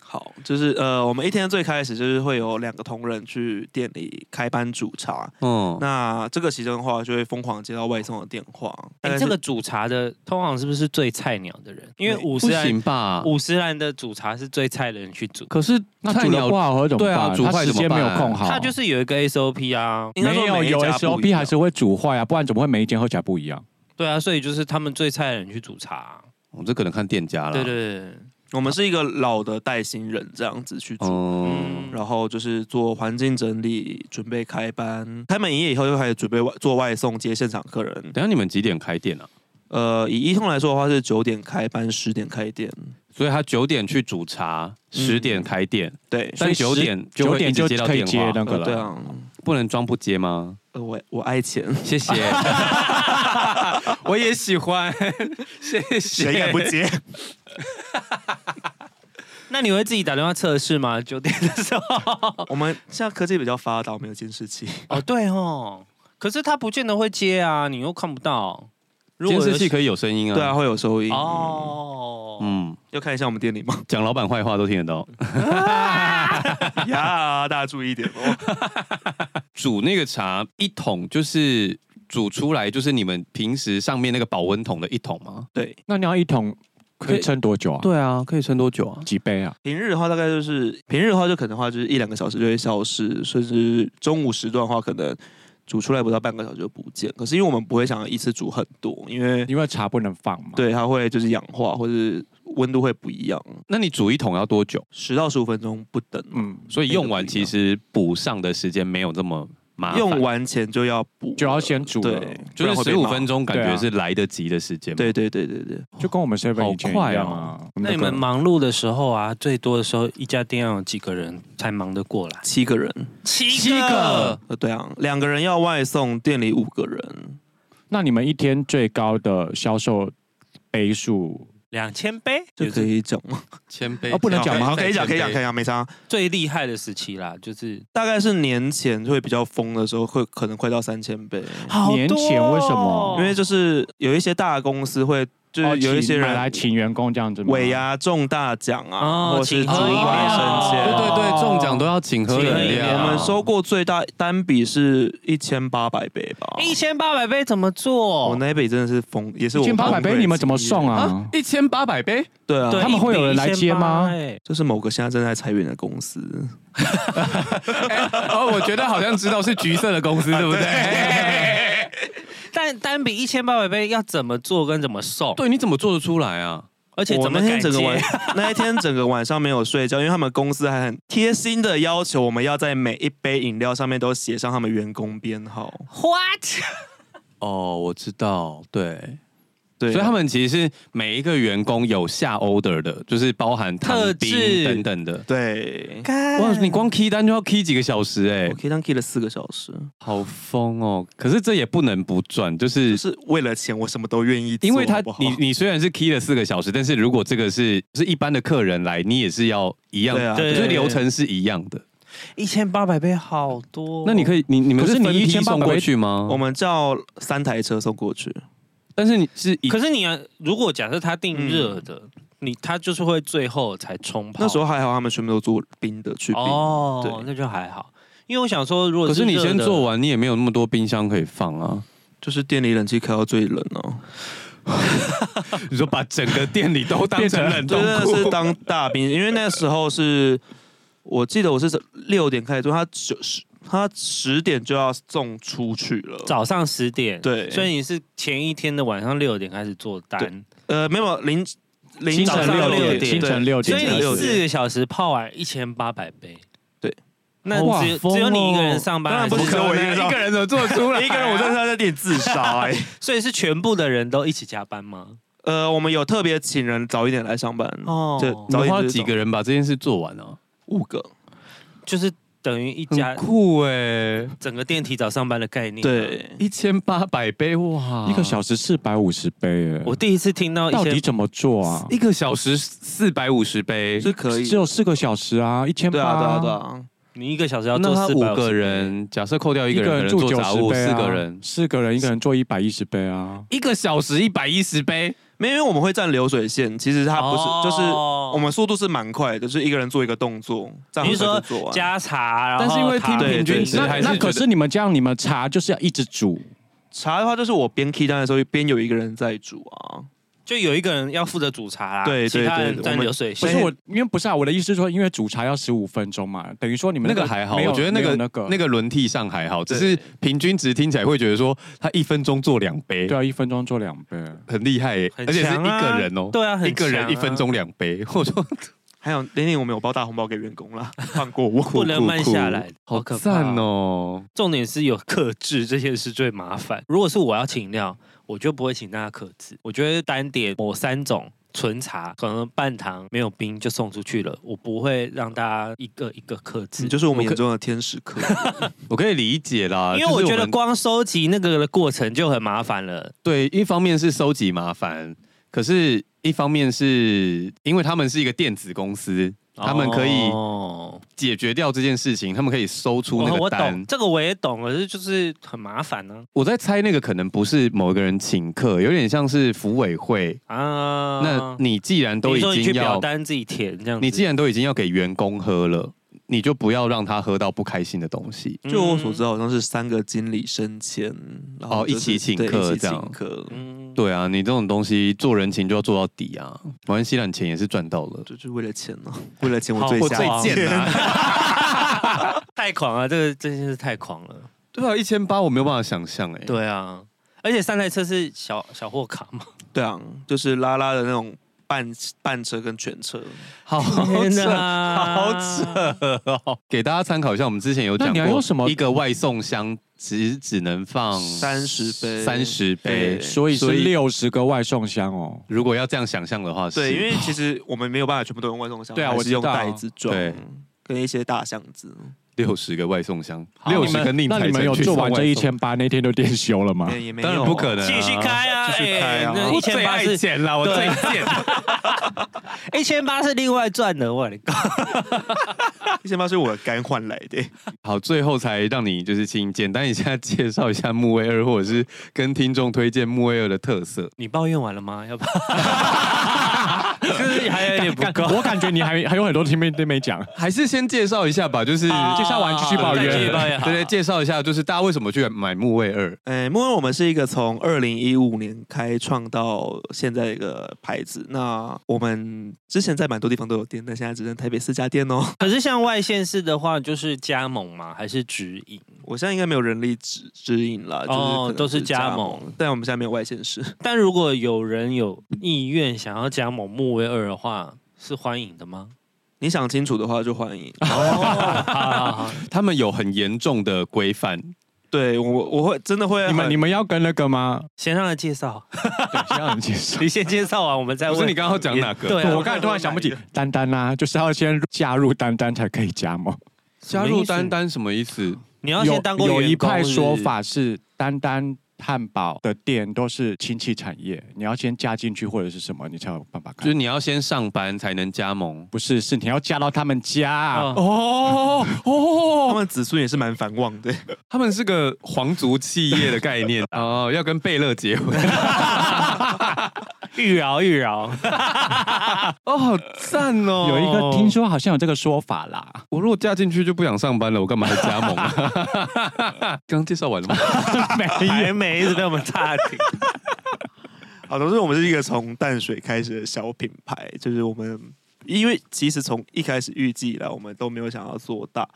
好，就是呃，我們一天最開始就是會有兩個同仁去店裡開班煮茶。嗯，那這個其間的話，就會瘋狂接到外送的電話。哎、欸，這個煮茶的通常是不是最菜鳥的人？因為五十嵐吧，五十嵐的煮茶是最菜的人去煮。可是，那煮的不好喝怎麼辦、啊？他時間沒有控好，他就是有一個 SOP 啊。沒有應該有 SOP 還是會煮壞呀、啊？不然怎麼會每間喝起來不一樣？對啊，所以就是他們最菜的人去煮茶、啊。我、哦、們這可能看店家了。對對，對我們是一個老的帶新人、啊、這樣子去煮、嗯嗯，然後就是做環境整理，準備開班。開門營業以後，又開始準備外做外送，接現場客人。等下你們幾點開店啊？呃，以一通來說的話，是九點開班，十點開店。所以他九點去煮茶，十、嗯、點開店。嗯、對，所以九點九點就可以接那個了。對啊不能裝不接嗎？呃，我我愛錢，謝謝， 我也喜歡， 謝謝，誰也不接。 那你會自己打電話測試嗎？九點的時候， 我們現在科技比較發達，我們有監視器。 哦，對哦，可是他不見得會接啊，你又看不到。監視器可以有聲音啊，就是？對啊，會有收音。嗯、哦，嗯，要看一下我們店裡嗎？講老闆壞話都聽得到。呀、 啊，大家注意一點哦。煮那個茶一桶，就是煮出來就是你們平時上面那個保溫桶的一桶嗎？對。那你要一桶可以撐多久啊？對啊，可以撐多久啊？幾杯啊？平日的話大概就是平日的話就可能的話就是一兩個小時就會消失，甚至中午時段的話可能。煮出來不到半個小時就不見，可是因為我們不會想要一次煮很多，因為因為茶不能放嘛，對，它會就是氧化或是溫度會不一樣。那你煮一桶要多久？十到十五分鐘不等，嗯，所以用完其實補上的時間沒有這麼。用完前就要補，就要先煮。對，就是十五分鐘，感覺是來得及的時間。對,對對對對對，就跟我們 seven 好快啊，那你們忙碌的時候啊，最多的時候一家店要有幾個人才忙得過來？七個人，七個七個。對啊，兩個人要外送，店裡五個人。那你們一天最高的銷售杯數？兩千杯、就是、就可以講嗎，千杯啊、哦哦、不能講嗎？可以講，可以講，可以講，沒差。最厲害的時期啦，就是大概是年前會比較瘋的時候，會可能快到三千杯。年前、哦、為什麼？因為就是有一些大公司會。就是有一些人來、啊、請員工這樣子，尾牙中大獎啊，我、啊哦、是注外生氣。對對對中獎都要請喝飲料。我們收過最大單筆是一千八百杯吧？一千八百杯怎麼做？我那杯真的是瘋，也是我們。一千八百杯你們怎麼送啊？一千八百杯？對啊對，他們會有人來接嗎？這、就是某個現在正在裁員的公司。哦、 欸，我覺得好像知道是橘色的公司，對 不對？對欸欸欸但單筆一千八百杯要怎麼做跟怎麼送？對你怎麼做得出來啊？而且怎麼我們那天整個晚， 那一天整個晚上沒有睡覺，因為他們公司還很貼心的要求，我們要在每一杯飲料上面都寫上他們員工編號。What？哦、 oh,，我知道，對。對啊，所以他們其實是每一個員工有下 order 的，就是包含特製等等的。對，哇，你光 key 單就要 key 幾個小時哎、欸、key 單 key 了四個小時，好瘋哦！可是這也不能不賺，就是、就是為了錢，我什麼都願意。因為他，好好你你雖然是 key 了四個小時，但是如果這個是是一般的客人來，你也是要一樣，的、啊、就是流程是一樣的。一千八百杯好多，那你可以，你你們是你一千八百杯，送去嗎？我們叫三台車送過去。但是你是，可是你啊，如果假設他定熱的，嗯，你他就是會最後才沖泡。那時候還好，他們全部都做冰的去冰，哦對，那就還好。因為我想說，如果是可是你先做完，你也沒有那麼多冰箱可以放啊。就是店裡冷氣開到最冷哦，啊。 你說把整個店裡都當成冷凍庫真的是當大冰。因為那時候是我記得我是六點開始做，他就是。他十點就要送出去了，早上十點，對，所以你是前一天的晚上六點開始做單，呃，沒有，零凌晨六點，凌晨六點，所以你四個小時泡完一千八百杯，對，那只只有你一個人上班，哦、是不是我一個人，一個人怎麼做出來？一個人我正在那裡自殺，所以是全部的人都一起加班嗎？呃，我們有特別請人早一點來上班哦，對，你們花幾個人把這件事做完哦、啊。五個，就是。等於一家酷哎、欸，整個電梯早上班的概念。對，一千八百杯哇，一個小時四百五十杯哎、欸，我第一次聽到一。到底怎麼做啊？一個小時四百五十杯是可以，只有四個小時啊，一千八多你一個小時要做四百五十杯？個人假設扣掉一個人，一個人做雜物，啊，四個人，四個人一個人做一百一十杯啊，一個小時一百一十杯。沒，因為我們會占流水線，其實它不是，哦、就是我們速度是蠻快的，就是一個人做一個動作，比如、就是、說加茶，但是因為聽平均值是那，那可是你們這樣，你們茶就是要一直煮，茶的話就是我邊 key 單的時候，邊有一個人在煮啊。就有一個人要負責煮茶啦，對對對，其他人端流水。不是我，因為不是啊。我的意思是說，因為煮茶要十五分鐘嘛，等於說你們那個、那個、還好、啊，我覺得那個那個輪、那個、替上還好，只是平均值聽起來會覺得說他一分鐘做兩杯，對啊，一分鐘做兩杯，很厲害、欸很啊，而且是一個人哦、喔，對啊，很啊，一個人一分鐘兩杯，或者說還有等等，我沒有包大紅包給員工啦。放過我，不能慢下來， 好可怕。好讚哦。重點是有克制這些是最麻煩。如果是我要請料。我就不會請大家客製，我覺得單點某三種純茶，可能半糖沒有冰就送出去了，我不會讓大家一個一個客製，你就是我們眼中的天使客， 我可以理解啦，因為我覺得光收集那個的過程就很麻煩了。就是、對，一方面是收集麻煩，可是一方面是因為他們是一個電子公司。他們可以解決掉這件事情，他們可以搜出那個單。我我懂這個，我也懂，可是就是很麻煩呢、啊。我在猜那個可能不是某一個人請客，有點像是福委會啊。那你既然都已經要你你去表單自己填這樣，你既然都已經要給員工喝了。你就不要讓他喝到不開心的東西。就我所知，嗯、好像是三個經理升遷，然後、就是哦、一起請客，一起請客這樣。嗯，對啊，你這種東西做人情就要做到底啊。王錫蘭錢也是賺到了，就是為了錢嘛、喔。 為了錢，我想錢，我最我賤、啊。 太狂了！這個真心、這個、是太狂了。對啊，一千八我沒辦法想象哎、欸。對啊，而且三台車是小小貨卡嘛。對啊，就是拉拉的那種。半半車跟全車，好扯、啊、好扯、哦！給大家參考一下，我們之前有講過，有一個外送箱只只能放三十杯，三十杯，杯，所以是六十個外送箱哦。如果要這樣想象的話，對，因為其實我們沒有辦法全部都用外送箱，哦、對啊，我是用袋子裝。對跟一些大箱子，六十個外送箱，六十個。個那你們有做完這一千八那天就店休了嗎、嗯？也沒有，當然不可能、啊。繼續開啊，繼、啊、續開啊！欸欸、一千八是，最對，我最 一千八是另外賺的，我講。的 一千八是我肝換來的， 好，最後才讓你就是請簡，簡單一下介紹一下木衛二，或者是跟聽眾推薦木衛二的特色。你抱怨完了嗎？要不？ 就是還有點不夠，我感覺你還 還有很多題目都 沒講，還是先介紹一下吧。就是、oh、介紹完繼續抱怨，對對,對，啊、介紹一下就是大家為什麼去買木衛二？哎，木衛二我們是一個從二零一五年開創到現在一個牌子。那我們之前在蠻多地方都有店，但現在只剩台北四家店哦、喔。可是像外縣市的話，就是加盟嗎？還是直營？我現在應該沒有人力指指引了、就是、哦，都是加盟。但我們現在沒有外縣市。但如果有人有意願想要加盟木衛，二的話是歡迎的嗎？你想清楚的話就歡迎。Oh, 他們有很嚴重的規範，對我我會真的會。你們你們要跟那個嗎？先上來介紹， 對先上來介紹， 你先介紹完我們再問。不是你剛剛要講哪個對、啊？我剛才突然想不起。丹 丹啊，就是要先加入丹丹才可以加嗎？加入丹丹什麼意思？你要先當有，有一派說法是丹丹。漢堡的店都是親戚產業，你要先加進去或者是什麼，你才有辦法看。就是你要先上班才能加盟，不是？是你要嫁到他們家？啊、哦哦，哦，哦，他們子孫也是蠻繁旺的，他們是個皇族企業的概念 哦，要跟貝勒結婚。 愈饒愈饒，哦，好讚哦、喔！有一個聽說好像有這個說法啦。我如果嫁進去就不想上班了，我幹嘛還加盟嗎？剛 介紹完了嗎？ 沒，沒一直被我們差聽。 好，總之我們是一個從淡水開始的小品牌，就是我們因為其實從一開始預計以來，我們都沒有想要做大。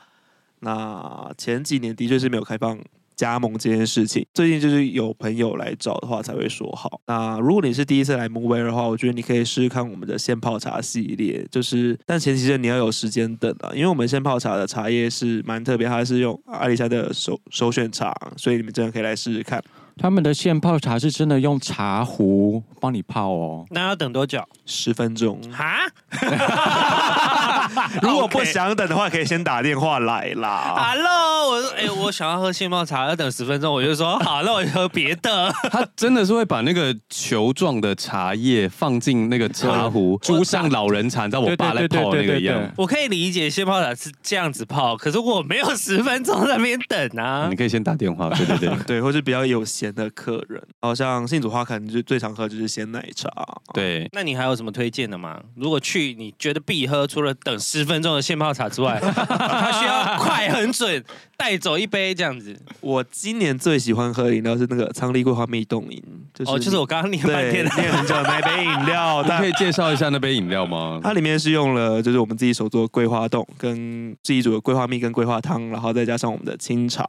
那前幾年的確是沒有開放。加盟這件事情，最近就是有朋友來找的話才會說好。那如果你是第一次來木衛二的話，我覺得你可以試試看我們的現泡茶系列。就是，但前提是你要有時間等啊，因為我們現泡茶的茶葉是蠻特別，它是用阿里山的首首選茶，所以你們真的可以來試試看。他們的現泡茶是真的用茶壺幫你泡哦，那要等多久？十分鐘。哈 如果不想等的話，可以先打電話來啦。Hello，我說哎、欸，我想要喝現泡茶， 要等十分鐘，我就說好，那我就喝別的。 他真的是會把那個球狀的茶葉放進那個茶壺，就 像老人纏在我爸 來泡那個一樣，對對對對對對對對。我可以理解現泡茶是這樣子泡，可是我沒有十分鐘在那邊等啊。你可以先打電話，對對對，對， 對，或是比較有。閒的客人，好、哦、像信佐花可能就最常喝就是鮮奶茶。對、嗯，那你還有什麼推薦的嗎？如果去你覺得必喝，除了等十分鐘的現泡茶之外，它 需要快很準 帶走一杯這樣子。我今年最喜歡喝的飲料是那個昌黎桂花蜜凍飲，就是。哦，就是我剛剛念半天的念很久那杯飲料， 你可以介紹一下那杯飲料嗎？它裡面是用了就是我們自己手做桂花凍，跟自己煮的桂花蜜跟桂花湯，然後再加上我們的清茶。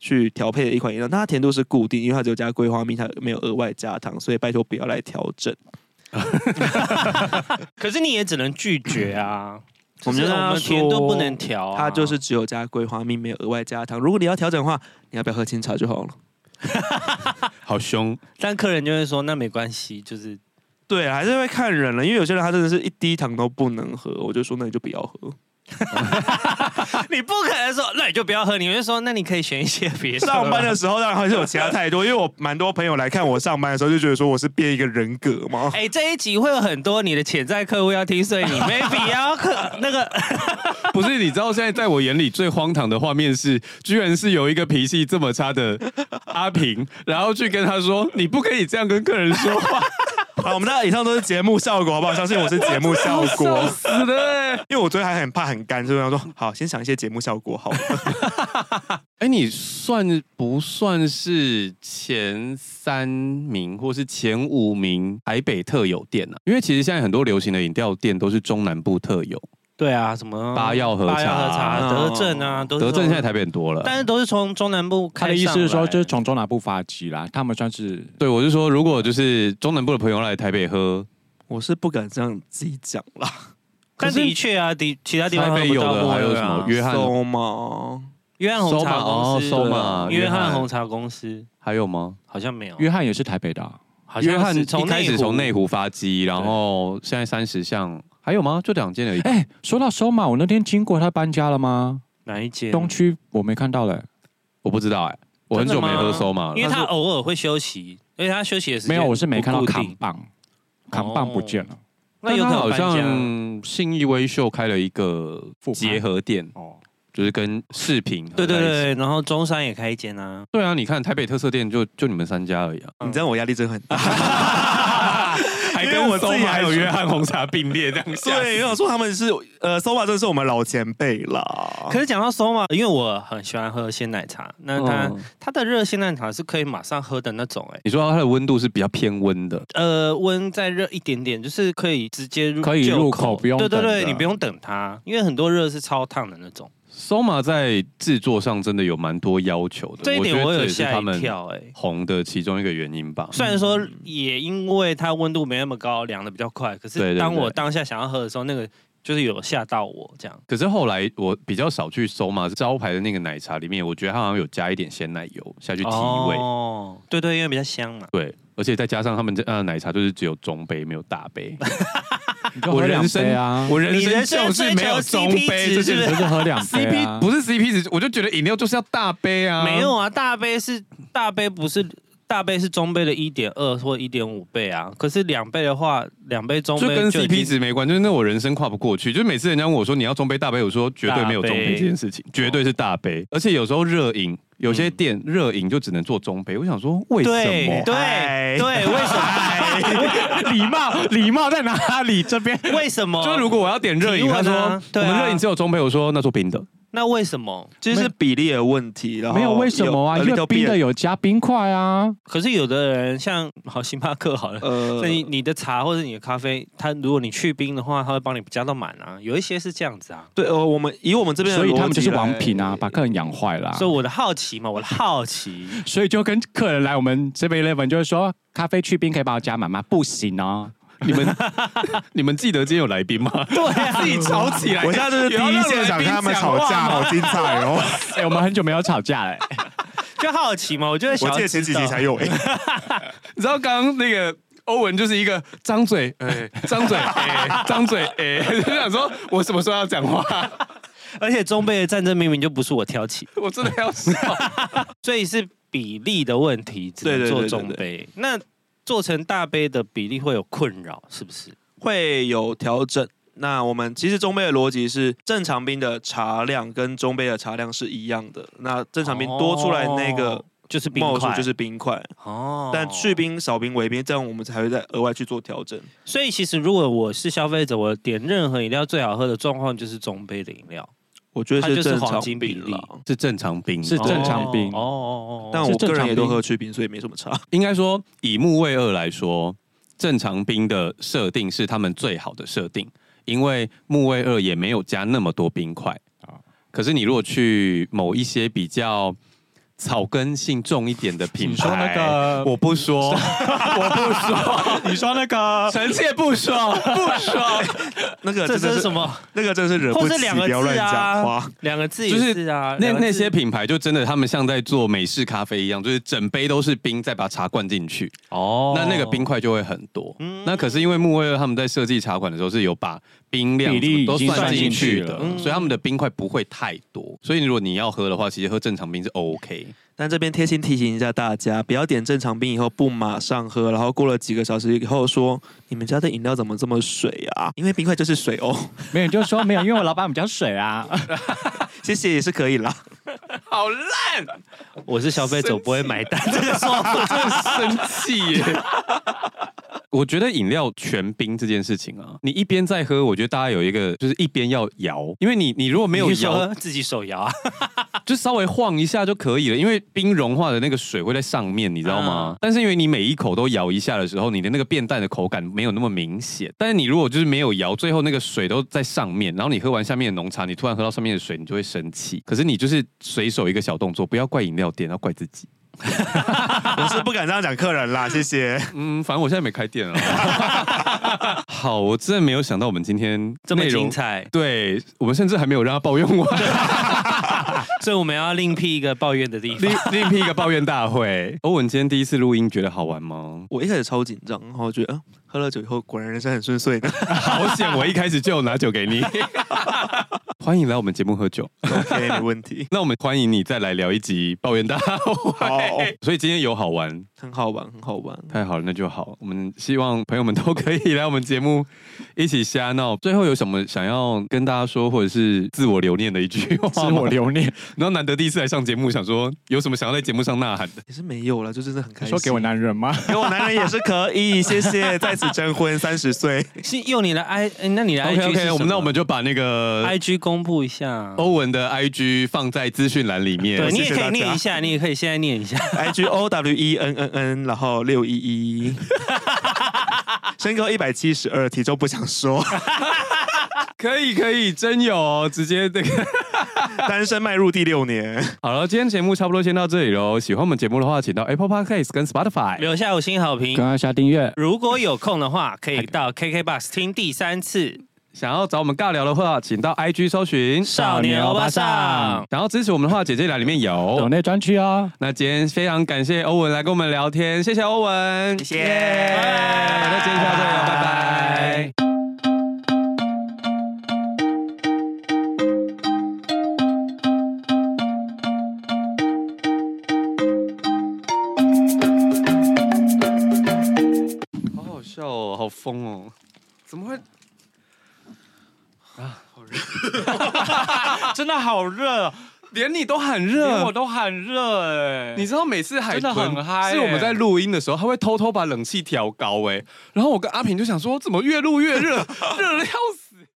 去調配的一款飲料，但它甜度是固定，因為它只有加桂花蜜，它沒有額外加糖，所以拜託不要來調整。啊、 可是你也只能拒絕啊！ 就是、我們跟他說甜度不能調、啊，它就是只有加桂花蜜，沒有額外加糖。如果你要調整的話，你要不要喝清茶就好了？ 好凶！但客人就會說那沒關係，就是對，還是會看人了，因為有些人他真的是一滴糖都不能喝，我就說那你就不要喝。 你不可能說，那你就不要喝。你就說，那你可以選一些別的。上班的時候當然還是有其他太多，因為我蠻多朋友來看我上班的時候就覺得說，我是變一個人格嗎？哎、欸，這一集會有很多你的潛在客戶要聽，所以你沒必要可那個不是？你知道現在在我眼裡最荒唐的畫面是，居然是有一個脾氣這麼差的阿平，然後去跟他說，你不可以這樣跟客人說話。 好，我們大家以上都是節目效果好不好？相信我是節目效果，是的，的、欸。因為我昨天還很怕很乾，所以我想說，好，先想一些節目效果好。哎、 欸，你算不算是前三名或是前五名台北特有店呢、啊？因為其實現在很多流行的飲料店都是中南部特有。對啊，什麼大和、啊、八曜、和茶、啊、德政啊，德政現在台北多了，但是都是從中南部開始。他的意思是說，就是從中南部發跡啦，他們算是對。我是說，如果就是中南部的朋友來台北喝，我是不敢這樣自己講啦。但是的確啊，的其他地方的台北有的還有什麼、啊、約翰嗎？約翰紅茶公司，Soma, 哦、Soma, 約翰紅茶公司還有嗎？好像沒有。約翰也是台北的、啊，好像從一開始從內湖發跡，然後現在三十項。還有嗎？就兩間而已。哎、欸，說到收嘛，我那天經過，他搬家了嗎？哪一間？東區我沒看到了、欸，我不知道哎、欸，我很久沒喝收嘛，因為他偶爾會休息，因為他休息的時候沒有，我是沒看到扛棒，扛棒、哦、扛棒不見了。那有可能？好像信義威秀開了一個結合店哦，就是跟飾品對對對，然後中山也開一間啊。對啊，你看台北特色店就就你們三家而已啊。嗯、你知道我壓力真狠。 因跟我自己還有約翰紅茶並列這樣， 對， 所以 我想說他們是呃，sofa 真的是我們老前輩了。可是講到 sofa，因為我很喜歡喝鮮奶茶，那它，嗯、它的熱鮮奶茶是可以馬上喝的那種，欸。哎，你說它，它的溫度是比較偏溫的，嗯？呃，溫再熱一點點，就是可以直接入可以入口，入口不用對對對，你不用等它，因為很多熱是超燙的那種。Soma 在製作上真的有蠻多要求的，這一點我有嚇一跳、欸，哎，紅的其中一個原因吧。雖然說也因為它溫度沒那麼高，涼的比較快，可是當我當下想要喝的時候，對對對，那個就是有嚇到我這樣。可是後來我比較少去 Soma，招牌的那個奶茶裡面，我覺得它好像有加一點鮮奶油下去提味，哦、對對、對，因為比較香嘛、啊。對，而且再加上他們這呃奶茶就是只有中杯沒有大杯。 啊、我人生啊，我人生就是沒有中杯，追求 CP 值是不是？就是喝兩杯，啊，不是 CP 值，我就覺得飲料就是要大杯啊，沒有啊，大杯是大杯不是。大杯是中杯的一點二或一點五倍啊，可是兩倍的話，兩杯中杯就，就跟 CP 值沒關，就是那我人生跨不過去，就是每次人家問我說，你要中杯大杯，我說絕對沒有中杯、杯這件事情，絕對是大杯，哦、而且有時候熱飲有些店熱飲，嗯、就只能做中杯，我想說為什麼？對對對，為什麼？禮 貌禮貌在哪裡？這邊為什麼？就是如果我要點熱飲，他說、啊、我們熱飲只有中杯，我說那做冰的。那為什麼這、就是比例的問題？然後有沒有為什麼啊有？因為冰的有加冰塊啊。可是有的人像好星巴克好了、呃，所以你的茶或者你的咖啡，它如果你去冰的話，他會幫你加到滿啊。有一些是這樣子啊。對，呃，我們以我們這邊，所以他們就是王品啊，把客人養壞了、啊。所以我的好奇嘛，我的好奇， 所以就跟客人來我們這邊，那邊就是說，咖啡去冰可以幫我加滿嗎？不行哦。 你們你們記得今天有來賓嗎？對、啊，自己吵起來。我現在就是第一現場跟他們吵架，好精彩！哦！哎、 欸，我們很久沒有吵架了， 就好奇嘛。我覺得小我記得前幾集才有哎、欸。 你知道剛剛那個歐文就是一個張嘴哎，張、欸、嘴哎，張 嘴哎、欸 欸，就想說我什麼時候要講話？ 而且中杯的戰爭明明就不是我挑起， 我真的要笑。 所以是比例的問題，只能做中杯。對對對對對對對 那。做成大杯的比例會有困擾，是不是會有調整？那我們其實中杯的邏輯是，正常冰的茶量跟中杯的茶量是一樣的。那正常冰多出來那個就是冰塊，就是冰塊哦。但去冰、少冰、微冰，這樣我們才會再額外去做調整。所以其實如果我是消費者，我點任何飲料最好喝的狀況就是中杯的飲料。我覺得是正常冰了，是正常冰，是正常冰哦，哦，哦。但我個人也都喝去冰，所以沒什麼差。應該說，以木衛二來說，正常冰的設定是他們最好的設定，因為木衛二也沒有加那麼多冰塊啊、哦。可是你如果去某一些比較……草根性重一點的品牌，你說那個，我不說， 我不說， 你說那個， 臣妾不說，不說，那個真的是什麼？那個真的是 那個真的是惹不起，是啊、不要亂講。花兩、啊就是、兩個字，就是啊，那那些品牌就真的，他們像在做美式咖啡一樣，就是整杯都是冰，再把茶灌進去哦。那那個冰塊就會很多。嗯、那可是因為木衛二他們在設計茶款的時候是有把。冰量都算進去了，所以他們的冰塊不會太多。所以如果你要喝的話，其實喝正常冰是 OK。但這邊貼心提醒一下大家，不要點正常冰以後不馬上喝，然後過了幾個小時以後說你們家的飲料怎麼這麼水啊？因為冰塊就是水哦。沒有，你就說沒有， 因為我老闆比較水啊。 謝謝也是可以啦。好爛！我是消費者不會買單。真的、就是、說，我真的生氣耶。 我覺得飲料全冰這件事情啊，你一邊在喝，我覺得大家有一個就是一邊要搖，因為你你如果沒有搖，自己手搖啊，就稍微晃一下就可以了，因為冰融化的那個水會在上面，你知道嗎？但是因為你每一口都搖一下的時候，你的那個變淡的口感沒有那麼明顯。但是你如果就是沒有搖，最後那個水都在上面，然後你喝完下面的濃茶，你突然喝到上面的水，你就會生氣。可是你就是隨手一個小動作，不要怪飲料店，要怪自己。 我是不敢這樣講客人啦，謝謝。嗯，反正我現在沒開店了。 好，我真的沒有想到我們今天這麼精彩。對，我們甚至還沒有讓他抱怨完， 所以我們要另闢一個抱怨的地方，另另闢一個抱怨大會。歐 文今天第一次錄音，覺得好玩嗎？我一開始超緊張，然後覺得、啊、喝了酒以後，果然人生很順遂。 好險，我一開始就有拿酒給你。 歡迎來我們節目喝酒。OK，沒問題。 那我們歡迎你再來聊一集抱怨大會。Oh. 所以今天有好玩？很好玩，很好玩，太好了，那就好。我們希望朋友們都可以來我們節目一起瞎鬧。最後有什麼想要跟大家說，或者是自我留念的一句話？自我留念。然後難得第一次來上節目，想說有什麼想要在節目上吶喊的？也是沒有了，就真的很開心。說給我男人嗎？給我男人也是可以，謝謝。在此徵婚，三十歲，用你的 I，那你來。OK，我們那我們就把那個 I G 公布一下。歐文的 I G 放在資訊欄裡面。對，你也可以念一下，你也可以現在念一下。I G O W E N N。嗯，然後六一一， 身高一百七十二，體重不想說。 可以可以，真有、哦，直接這個 單身邁入第六年。好了，今天節目差不多先到這裡嘍。喜歡我們節目的話，請到 Apple Podcast 跟 Spotify 留下五星好評，跟按下訂閱。如果有空的話，可以到 KKBox 聽第三次。想要找我們尬聊的話，請到 IG 搜尋「少年歐巴桑」。想要支持我們的話，簡介欄裡面有抖內專區哦。那今天非常感謝歐文來跟我們聊天，謝謝歐文，謝謝。那接下來再有，拜拜。好好笑哦，好瘋哦，怎麼會？ 真的好熱，連你都很熱，連我都很熱哎、欸！你知道每次海豚很嗨，是我們在錄音的時候，他會偷偷把冷氣調高哎、欸，然後我跟阿平就想說，怎麼越錄越熱，熱 得要死。